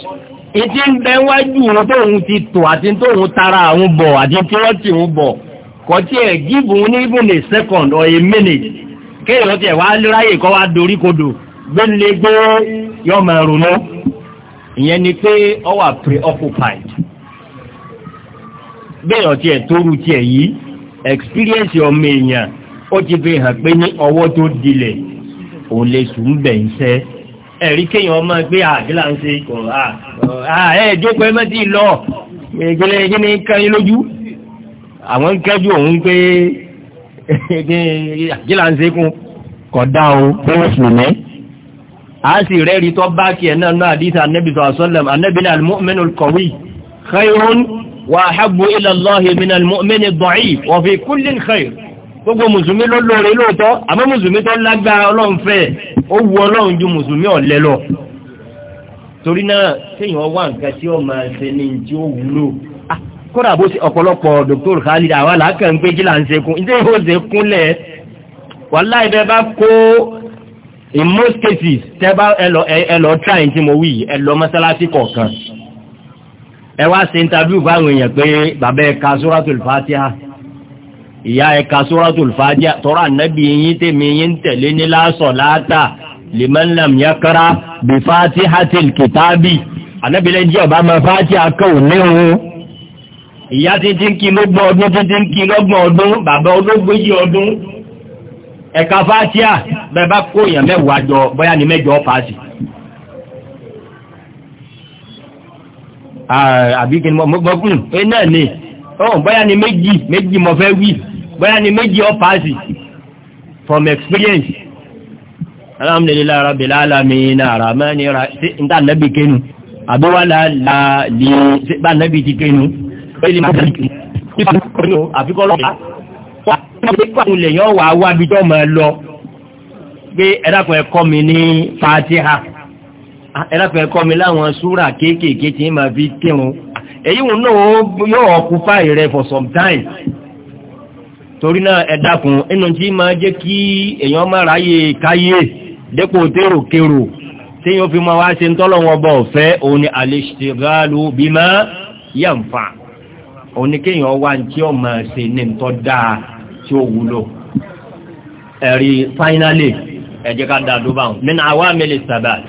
ìtí ń bẹ wájú òun tóun ti tò àti tóun tara àwọn bọ̀ àti tí wọ́n ti ń bọ̀ kò tiẹ̀ give òun ní even a second or a minute kéèyàn tiẹ̀ wá ráyè kọ́ wá dorí kodò gbélé gbé yọmọ ronú ìyẹn ni pé ọ wà preoccupied béèyàn tiẹ̀ tóru tiẹ̀ yìí experience ọmọ èèyàn ó ti fi hàn pé ní ọwọ́ tó dilẹ̀ òun lè sùn bẹ̀ sẹ́ ẹ̀rí kéèyàn ọmọ ń ṣe kò àjílà ń sekun kọ̀dá o fún mùsùlùmí a sì rẹ́rìí tó bá kí ẹ̀ náà náà àdísà anábì sọ àṣọlẹ̀m anábì ní alimọ́mẹ́nu kọ̀wé khayrun wa ahabbu ila Allahi min alimọ́mẹ́ni dọ̀ọ́yì wa fi kullin khayr gbogbo mùsùlùmí ló lóore lóòótọ́ àmọ́ mùsùlùmí tó lágbára ọlọ́run fẹ́ ó wu ọlọ́run ju mùsùlùmí ọ̀lẹ lọ torí náà kéèyàn wá nǹkan tí ó kódà bó ṣe ọ̀pọ̀lọpọ̀ Dr. Khalid Awala làákàn ń pé jí là ń sekun ní ìhó ṣe kúnlẹ̀ wàláì bẹ́ẹ̀ bá kó in most cases tẹ́ bá ẹ lọ try tí mo wí ẹ lọ mọ́sálásí kọ̀ọ̀kan ẹ wá ṣe interview fáwọn èèyàn pé bàbá ẹ ka Suratul Fatiha ìyá ẹ ka Suratul Fatiha tọ́rọ ànábì yín tèmi yín tẹ̀lé ní lásọ̀ láàtà liman lam yakra bi Fatihatil kitabi ànábì lẹ́jọ́ ọba máa Fatiha kọ́ òní òun ìyá títí ń kí lọ́gbọ̀n ọdún títí ń kí lọ́gbọ̀n ọdún bàbá ológbèjì ọdún ẹ̀ka fásíà bẹ́ẹ̀ bá kó èèyàn mẹ́wàá jọ bóyá ní mẹ́jọ fásì. Ah, àbí kí ni mo gbọ́ fún un ni oh, bóyá ní méjì méjì mo fẹ́ wí bóyá ní méjì ọ from experience alhamdulilayi rabbil alamin aramani ra ṣe n ta nabi kenu àbí wàhálà la lè ṣe bá nabi ti kenu ẹni máa dàbí nípa kọ́nù àfikọ́lọ́pàá wà nípa àwọn èèyàn wà wá bí tó máa lọ pé ẹ̀dàkùn ẹ̀kọ́ mi ní fatiha ah, ẹ̀dàkùn ẹ̀kọ́ mi láwọn súrà kéékèèké tí ń máa fi kírun èyí wọn náà yóò ọkù fáì rẹ for some time torí náà ẹ̀dàkùn inú tí máa jẹ́ kí èèyàn máa ráyè káyè dépò tèrò kèrò tí yóò fi máa wá ṣe ń tọ́lọ́wọ́ bọ̀ òun ni al-ishtighalu bima yanfa' oníkéèyàn wá ní tí ọmọ ṣe ní ntọ́ dáa tí ó wúlò ẹ̀rí fáínálì ẹ̀jẹ̀ ká dáa dúbà wọn nínú àwa mele sabat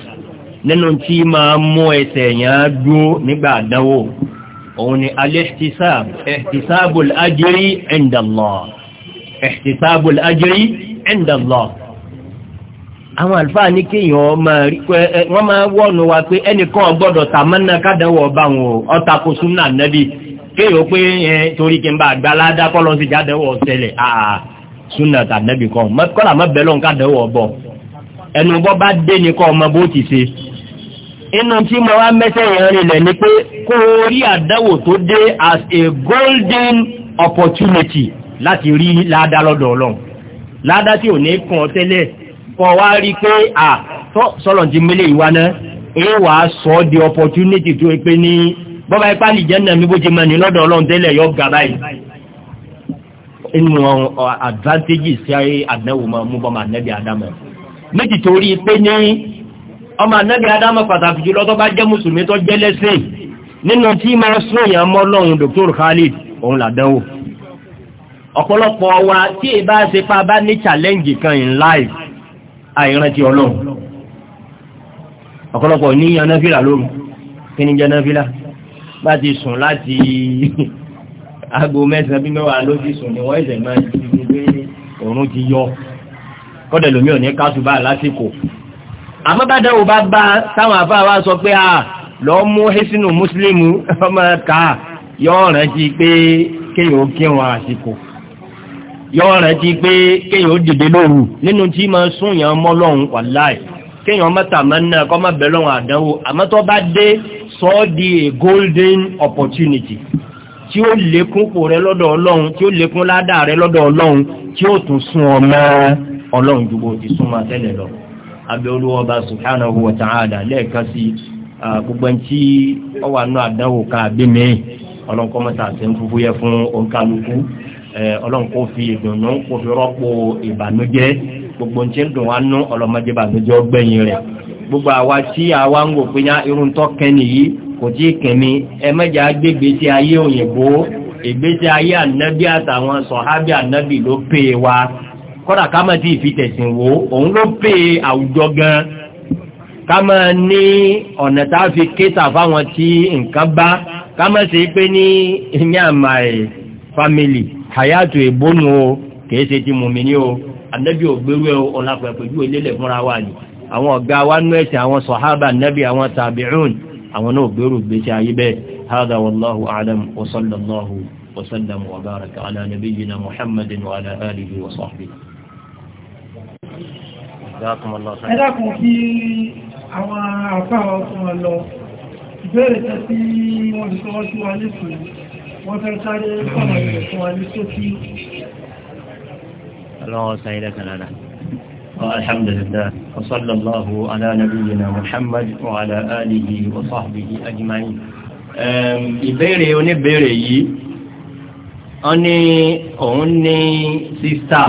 nínú tí máa mú ẹsẹ̀ yẹn dúró nígbà àdánwò òun ni al-ihtisab ihtisabul ajri inda Allah ihtisabul ajri inda Allah àwọn àlùfáà ní kéèyàn máa rí pé wọ́n máa wọ́nu wa pé ẹnìkan gbọ́dọ̀ tàmánà kádàwọ̀ ọba wọn ọ̀tàkùn nẹ́bí kéèyàn pé ẹ torí kí n bá gbalada kọlọ sí jádẹwọ ṣẹlẹ̀ àà ah, súnà tàbí kan kọlà má bẹ lọhùn kádẹwọ bọ ẹnu bọ bá dé ní kọ ọmọ bó ti ṣe inú tí mo wá mẹsẹ yẹn rinlẹ ni pé kó o rí àdáwò tó dé as a golden opportunity láti rí láàdá lọ́dọ̀ Ọlọ́run láàdá tí ò ní kàn ọ tẹ́lẹ̀ kọ wá rí pé à sọlọ mélé ìwà náà èèwà sọ ọ di opportunity tó pé ní bọ́ba ipá àlìjẹ́nà mi bó ti mọ̀ ní lọ́dọ̀ ọlọ́run tẹ́lẹ̀ yọ ga báyìí inú uh, advantages sí àdánwò máa mú bọ́mọ ànábì àdámọ̀ méjì torí pé ní ọmọ ànábì àdámọ̀ pàtàkì jùlọ tó bá jẹ́ mùsùlùmí tó jẹ́ lẹ́sìn nínú tí máa sún èèyàn mọ́ lọ́run Dr. Khalid òun làdánwò ọ̀pọ̀lọpọ̀ wa tí ì bá ṣe pa bá ní challenge kan in life àìrántí ọlọ́run ọ̀pọ̀lọpọ̀ ní yanáfílà lóru kí ni jẹ́ náfílà bá ti sùn láti aago mẹ́sàn-án bí mẹ́wàá ló ti sùn ni wọ́n ẹ̀sẹ̀ máa ti fi pé òórùn ti yọ kọ́dẹ̀ lómi ò ní kásùbà lásìkò àmọ́ bá dáwò bá bá táwọn afáwa sọ pé a lọ mú hẹ́sínú mùsùlùmù ọmọ ká yọ rántí pé kéèyàn ó kírun àsìkò yọ rántí pé kéèyàn ó dìde lóru nínú tí máa sún yàn mọ́ lọ́hùn wàláì kéèyàn mọ́tàmọ́ náà kọ́ mọ́ bẹ́ẹ̀ lọ́hùn àdánwò àmọ́ tó bá dé sọ ọ́ di a golden opportunity tí ó lékún kò rẹ lọ́dọ̀ ọlọ́run tí ó lékún ládà rẹ lọ́dọ̀ ọlọ́run tí ó tún sún ọmọ ọlọ́run ju bó ti súnmọ́ tẹ́lẹ̀ lọ abẹ́olú ọba subhanahu wa ta'ala lẹ́ẹ̀kan sí gbogbo ẹni tí ó wà nù àdánwò ká abémi ọlọ́run kọ́ mọ́ta àti ń fúfú yẹ fún òǹkàlùkù ọlọ́run kò fi ìdùnnú kò fi rọ́pò ìbànújẹ́ gbogbo ní ti ń dùn wá nú ọlọ́mọdé ìbànújẹ́ ọgbẹ́yìn rẹ̀ gbogbo àwa tí àwa ń wò pé yá irun tó kẹ́ni yìí kò tí kẹ́mi ẹ mẹ́jà gbégbé sí ayé òyìnbó ìgbésí ayé ànábì àtàwọn sọ̀hábì ànábì ló pè é wa kọ́dà ká má ti fi tẹ̀sìn wò òun ló pè é àwùjọ gan ká má ní ọ̀nà tá a fi kéta fáwọn tí nǹkan bá ká má ṣe pé ní ní àmà ẹ̀ fámìlì hayatu ìbónú o kìí ṣe ti mùmí ní o ànábì ògbérú ẹ̀ ọ̀làpẹ̀pẹ̀ ju ilé lẹ̀ fúnra wa nìyí àwọn ọ̀gá wa nú ẹ̀sìn àwọn sọ̀hábà nẹ́bí àwọn tàbíùn àwọn náà gbèrú gbèsè ayé bẹ́ẹ̀ hádà wàláhù alam wasallallahu wasallam wa baraka ala nabiyyina muhammadin wa ala alihi wa sahbihi. ẹ dákun kí àwọn àfáà ọkùnrin lọ ìbéèrè tẹ́ sí wọ́n sáyé lẹ́kàn الحمد لله وصلى الله على نبينا محمد وعلى آله وصحبه أجمعين ìbéèrè oníbéèrè yìí wọ́n ní òun ní sísá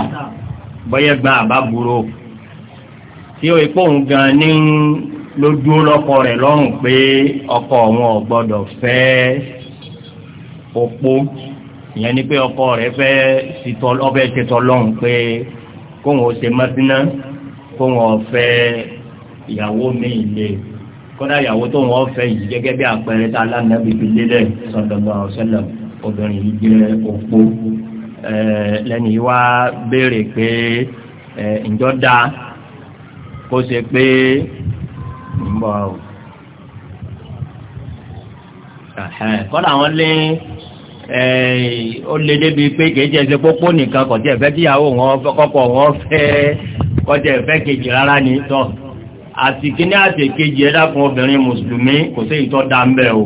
bọ́yẹ́gbà àbábúrò tí ó ipò òun gan ní lójú lọ́kọ rẹ̀ lọ́rùn pé ọkọ òun ò gbọ́dọ̀ fẹ́ opó ìyẹn ni pé ọkọ rẹ̀ fẹ́ ọbẹ̀ ṣetọ́ lọ́rùn pé kó wọn mọ́síná kó wọn fẹ́ ìyàwó míì lé kódà ìyàwó tó wọn fẹ́ yìí gẹ́gẹ́ bí àpẹẹrẹ tá a lánàá bíbí lélẹ̀ sọ̀dọ̀gbọ̀n ọ̀sẹ̀lẹ̀ obìnrin yìí jẹ́ òpó lẹ́ni wá béèrè pé ǹjọ́ da kó ṣe pé ń kódà wọn lé ó lé débi pé kìí jẹ́ ṣe pópó nìkan kọ̀tí ẹ̀fẹ́ kíyàwó wọn kọ́kọ́ wọn fẹ́ kọjá ẹ̀fẹ́ kejì rárá ni tọ́ àti kíní àti kejì ẹ̀dàkùn obìnrin mùsùlùmí kò sí ìtọ́ dá ń bẹ̀ o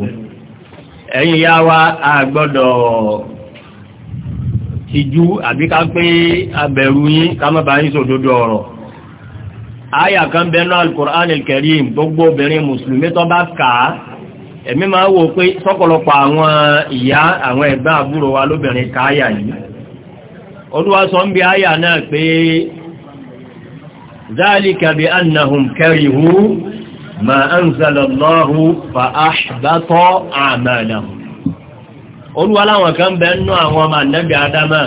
ẹ̀yin yá wa a gbọ́dọ̀ tijú àbí ká pé abẹ̀rù yín ká má bá yín sòdodo ọ̀rọ̀ àyà kan bẹ́ẹ̀ náà al-Qur'an gbogbo obìnrin mùsùlùmí tó bá kà á èmi máa wò pé sọ́pọ̀lọpọ̀ àwọn ìyá àwọn ẹ̀gbọ́n àbúrò wa lóbìnrin káyà yìí olúwa ń bí àyà náà pé zálìkà annahum karihu ma anzalallahu fa ahbata a'malahum olúwa láwọn kan bẹ nú àwọn ọmọ ànábì adama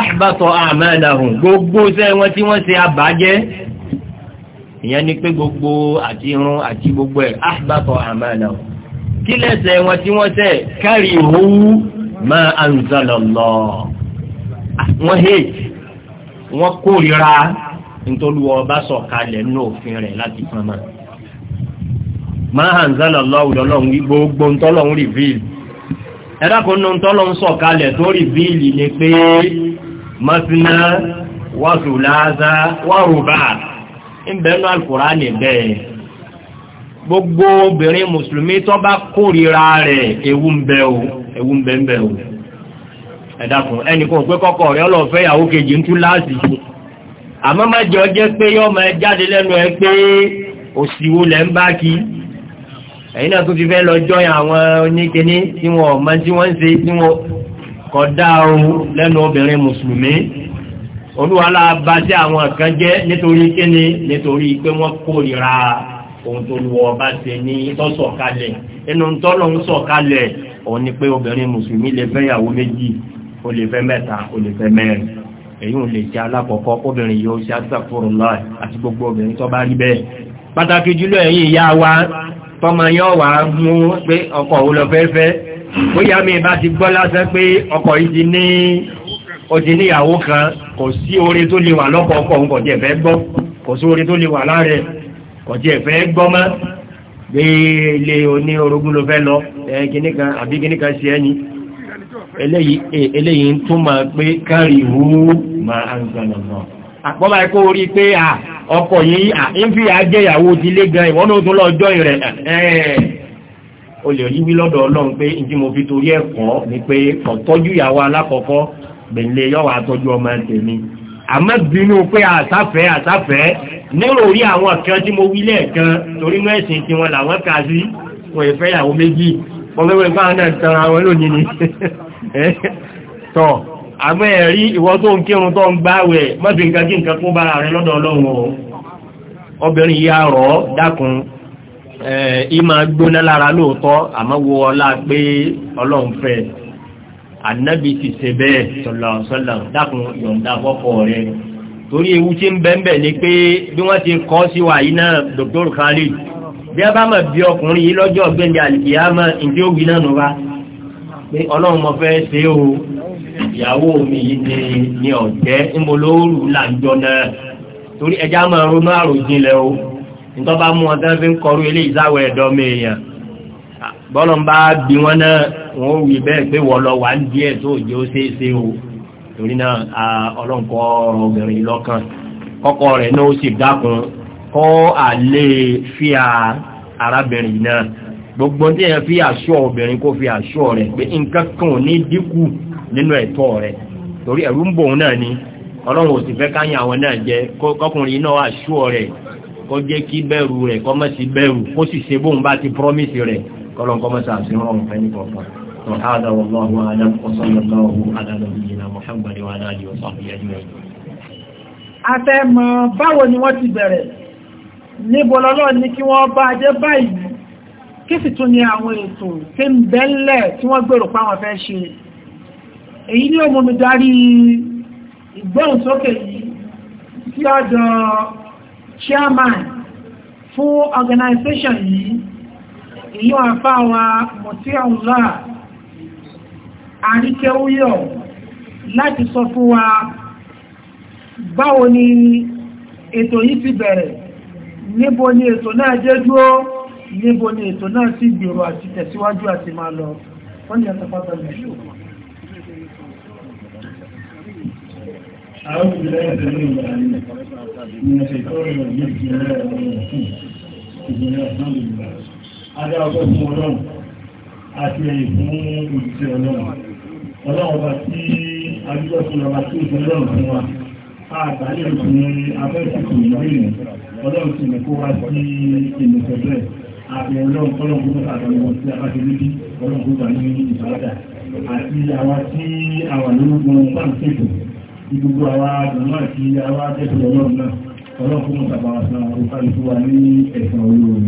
ahbata a'malahum gbogbo iṣẹ́ wọn tí wọ́n ṣe abàjẹ́ ìyẹn ni pé gbogbo àti irun àti gbogbo ẹ̀ ahbata a'malahum kí lẹ́sẹ̀ wọn tí wọ́n tẹ̀ kárí ìhòòhù ma nítorí bá kalẹ̀ nínú òfin rẹ̀ ma lọ gbogbo ntọ́lọ́run reveal ẹ̀dàkùn nínú ntọ́lọ́run sọ̀ kalẹ̀ tó ni pé masina wàsùlàza wàrùbà ń bẹ́ẹ̀ gbogbo obìnrin mùsùlùmí tó bá kórìíra rẹ̀ ewu ń bẹ o ewu ń bẹ ń bẹ o ẹ̀dàkùn ẹnìkan pé kọ́kọ́ rẹ̀ ọlọ́fẹ́ ìyàwó kejì ń tú láàsì àmọ́ má jọ jẹ́ pé yọ́mọ ẹ jáde lẹ́nu ẹ pé òsìwò lẹ́ ń bá kí ẹ̀yin náà tó fi fẹ́ lọ jọyìn àwọn oníkiní tí wọn ọ̀mọ tí wọ́n ń ṣe tí wọn kódà o lẹ́nu obìnrin mùsùlùmí olúwa la bá sí àwọn kan jẹ́ nítorí kíni nítorí pé wọ́n kórìíra ohun tó lu ọba ṣe ní tọ́sọ̀kalẹ̀ inú tọ́lọ̀ ń sọ̀kalẹ̀ òun ni pé obìnrin mùsùlùmí lè fẹ́ ìyàwó méjì ó lè fẹ́ mẹ́ta ó lè fẹ́ mẹ́rin èyí ò lè ṣe alákọ̀ọ́kọ́ obìnrin yóò ṣe àtàkùrọ̀ láì àti gbogbo obìnrin tó bá rí bẹ́ẹ̀ pàtàkì jùlọ ẹ̀yin ìyá wa tọmọ yóò wá mú pé ọkọ òun lọ fẹ́fẹ́ bóyá mi bá ti gbọ́ lásán pé ọkọ yìí ti ní ó ti níyàwó kan kò sí oore tó lè wà lọ́kọ ọkọ òun kò tiẹ̀ fẹ́ gbọ́ kò sí oore tó lè wà láàrẹ̀ ọ̀jẹ̀ ìfẹ́ gbọ́mọ́ gbé ilé oní orogún ló fẹ́ lọ ẹ̀kìníkan àbí kìníkan ṣe ẹni e, eléyìí ń túmọ̀ pé kárí wú máa ń gbọ́nà náà àpọ́bá ikó orí pé à ọkọ̀ yìí à ń fi àjẹyàwó ti lé gan ìwọ́n náà tún lọ jọ ìrẹ̀ o lè rí wí lọ́dọ̀ ọlọ́run pé ní mo fi torí ẹ̀kọ́ ni pé ọ̀tọ́jú ìyàwó alákọ̀ọ́kọ́ bẹ̀lẹ̀ yọ́wọ́ àtọ́jú ọmọ tèmi àmọ́ bínú pé àsáfẹ́ àsáfẹ́ nírò orí àwọn kan tí mo wí lẹ́ẹ̀kan torí mọ́ ẹ̀sìn tí wọ́n làwọn kà sí wọ́n ìfẹ́ ìyàwó méjì pọ̀lẹ́wẹ́ bá náà tan àwọn lónìí ni eh, tọ́ àmọ́ ẹ̀rí ìwọ tó ń kírun tó ń gbáwẹ̀ mọ́bí nǹkan kí nǹkan kún bára rẹ lọ́dọ̀ ọlọ́run o obìnrin yá rọ̀ dákun eh, ìmọ̀ gbóná lára lóòótọ́ àmọ́ wo ọlá pé ọlọ́run ànábì ti ṣe bẹ́ẹ̀ sọ̀làǹsọ̀là dákun yọ̀ǹda fọ́fọ́ rẹ̀ torí ewu tí ń bẹ́ńbẹ̀ ni pé bí wọ́n ti kọ́ sí wa yìí náà Dr. Khalid bí a bá mọ̀ bí ọkùnrin yìí lọ́jọ́ ọ̀gbẹ́ni àlìkìyàmọ̀ ìdí ògì náà nù wa pé ọlọ́run mo fẹ́ ṣe o ìyàwó mi yìí ni ni ọ̀jẹ́ ńmọlóòrù làǹjọ náà torí ẹja máa ronú àròjinlẹ̀ o nítorí bá mú ọtá fi ń kọrú eléyìí sáwọ ẹ̀dọ́ mi èèyàn bọ́lọ̀ ń bá bí wọn náà wọn ò wí bẹ́ẹ̀ pé wọ́n lọ wà ń díẹ̀ tó jẹ́ ó ṣe é ṣe o torí náà ọlọ́nkọ́ obìnrin lọ́kàn kọ́kọ́ rẹ̀ náà ó sì dákun kọ́ àlẹ́ fíà arábìnrin náà gbogbo tí ẹ fi àṣọ obìnrin kó fi àṣọ rẹ̀ pé nǹkan kan ní dínkù nínú ẹ̀tọ́ rẹ̀ torí ẹ̀rú ń bòun náà ni ọlọ́run ò sì fẹ́ káyìn àwọn náà jẹ kọkùnrin náà àṣọ rẹ̀ kó jẹ́ kí bẹ̀rù rẹ̀ kó má sí bẹ̀rù kó sì ṣe bóun bá ti promise rẹ̀ kọ́lọ́n kọ́ mẹ́ta àti rọrùn fẹ́ kọ̀ọ̀kan وهذا والله أعلم وصلى الله على نبينا محمد وعلى آله وصحبه أجمعين àtẹ́mọ̀ báwo ni wọ́n ti bẹ̀rẹ̀ níbo lọ́lọ́ ní kí wọ́n bá jẹ́ báyìí kí sì tún ní àwọn ètò tí ń bẹ́lẹ̀ tí wọ́n gbèrò páwọn chairman fún organization yìí ìlú àfá wa mọ̀tí àwùlá àríkẹ́wúyọ̀ láti sọ fún wa báwo ni ètò yìí ti bẹ̀rẹ̀ níbo ni ètò náà jẹ́ dúró níbo ni ètò náà sì gbèrò àti tẹ̀síwájú àti máa lọ wọ́n ni àtàpátà lẹ́yìn أعوذ بالله السميع العليم من الشيطان الرجيم بسم الله الرحمن الرحيم بسم الله الحمد لله adá ọgbọ́ fún ọlọ́run àti ẹ̀yìn fún òjìṣẹ́ ọlọ́run ọlọ́run ọba tí adúgbò fún ọba tí òjò ọlọ́run fún wa àgbáyé òjò abẹ́sìkò ìrìnà ọlọ́run ti mẹ́kọ́ wá sí ìmọ̀sẹ̀fẹ́ àti ọlọ́run ọlọ́run fún àtàwọn tí a bá ti lébí ọlọ́run fún ní ìbáradà àti àwa tí àwa lórúkún pàǹtẹ́kù gbogbo àwa àgbọ̀nà àti àwa tẹ́kù náà ọlọ́run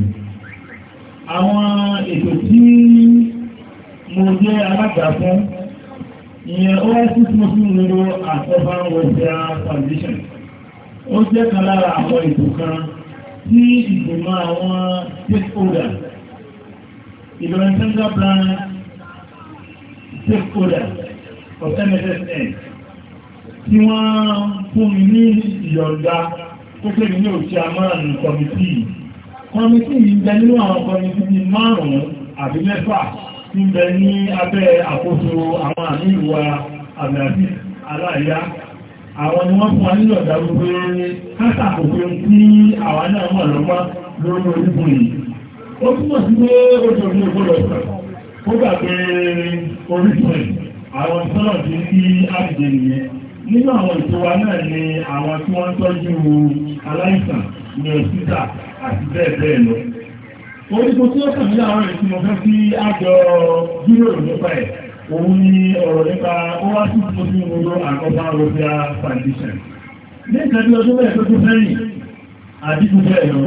àwọn ètò tí mo jẹ́ alága fún ìyẹn oasis mo fi ń lo àtọ́fà welfare foundation ó jẹ́ kan lára àwọn ètò kan tí ìgbìmọ̀ àwọn stakeholder Ìlọrin central plan stakeholder of MSSN tí wọ́n fún mi ní ìyọ̀ǹda tó pé mi ní òṣìṣẹ́ amárànù kọmitì yìí kọmití ìgbẹ́ nínú àwọn kọmití bí márùn-ún àbí mẹ́fà tí ń bẹ ní abẹ́ àkóso àwọn àmì ìwà àbìlàbí aláàyá àwọn ni wọ́n fún wa nílò ọ̀dá gbogbo káàkà òfin tí àwọn náà mọ̀ lọ́mọ́ lórí orígun yìí ó túnmọ̀ sí pé ó tó ní ògbódò sọ̀rọ̀ ó gbà pé orígun yìí àwọn sọ́nà tí ń kí àbìdè nìyẹn nínú àwọn ètò wa náà ni àwọn tí wọ́n tọ́jú aláìsàn ní òṣìṣà àti bẹ́ẹ̀ bẹ́ẹ̀ lọ. Orígun tí ó kàmí láwọn èsì mo fẹ́ sí àjọ jíròrò nípa ẹ̀, òun ni ọ̀rọ̀ nípa ó wá sí tó sí ìwòrò àkọ́bá Rọ́bíà Foundation. Ní ìtẹ́bí ọdún mẹ́ẹ̀ẹ́dógún sẹ́yìn, àdíjú bẹ́ẹ̀ lọ.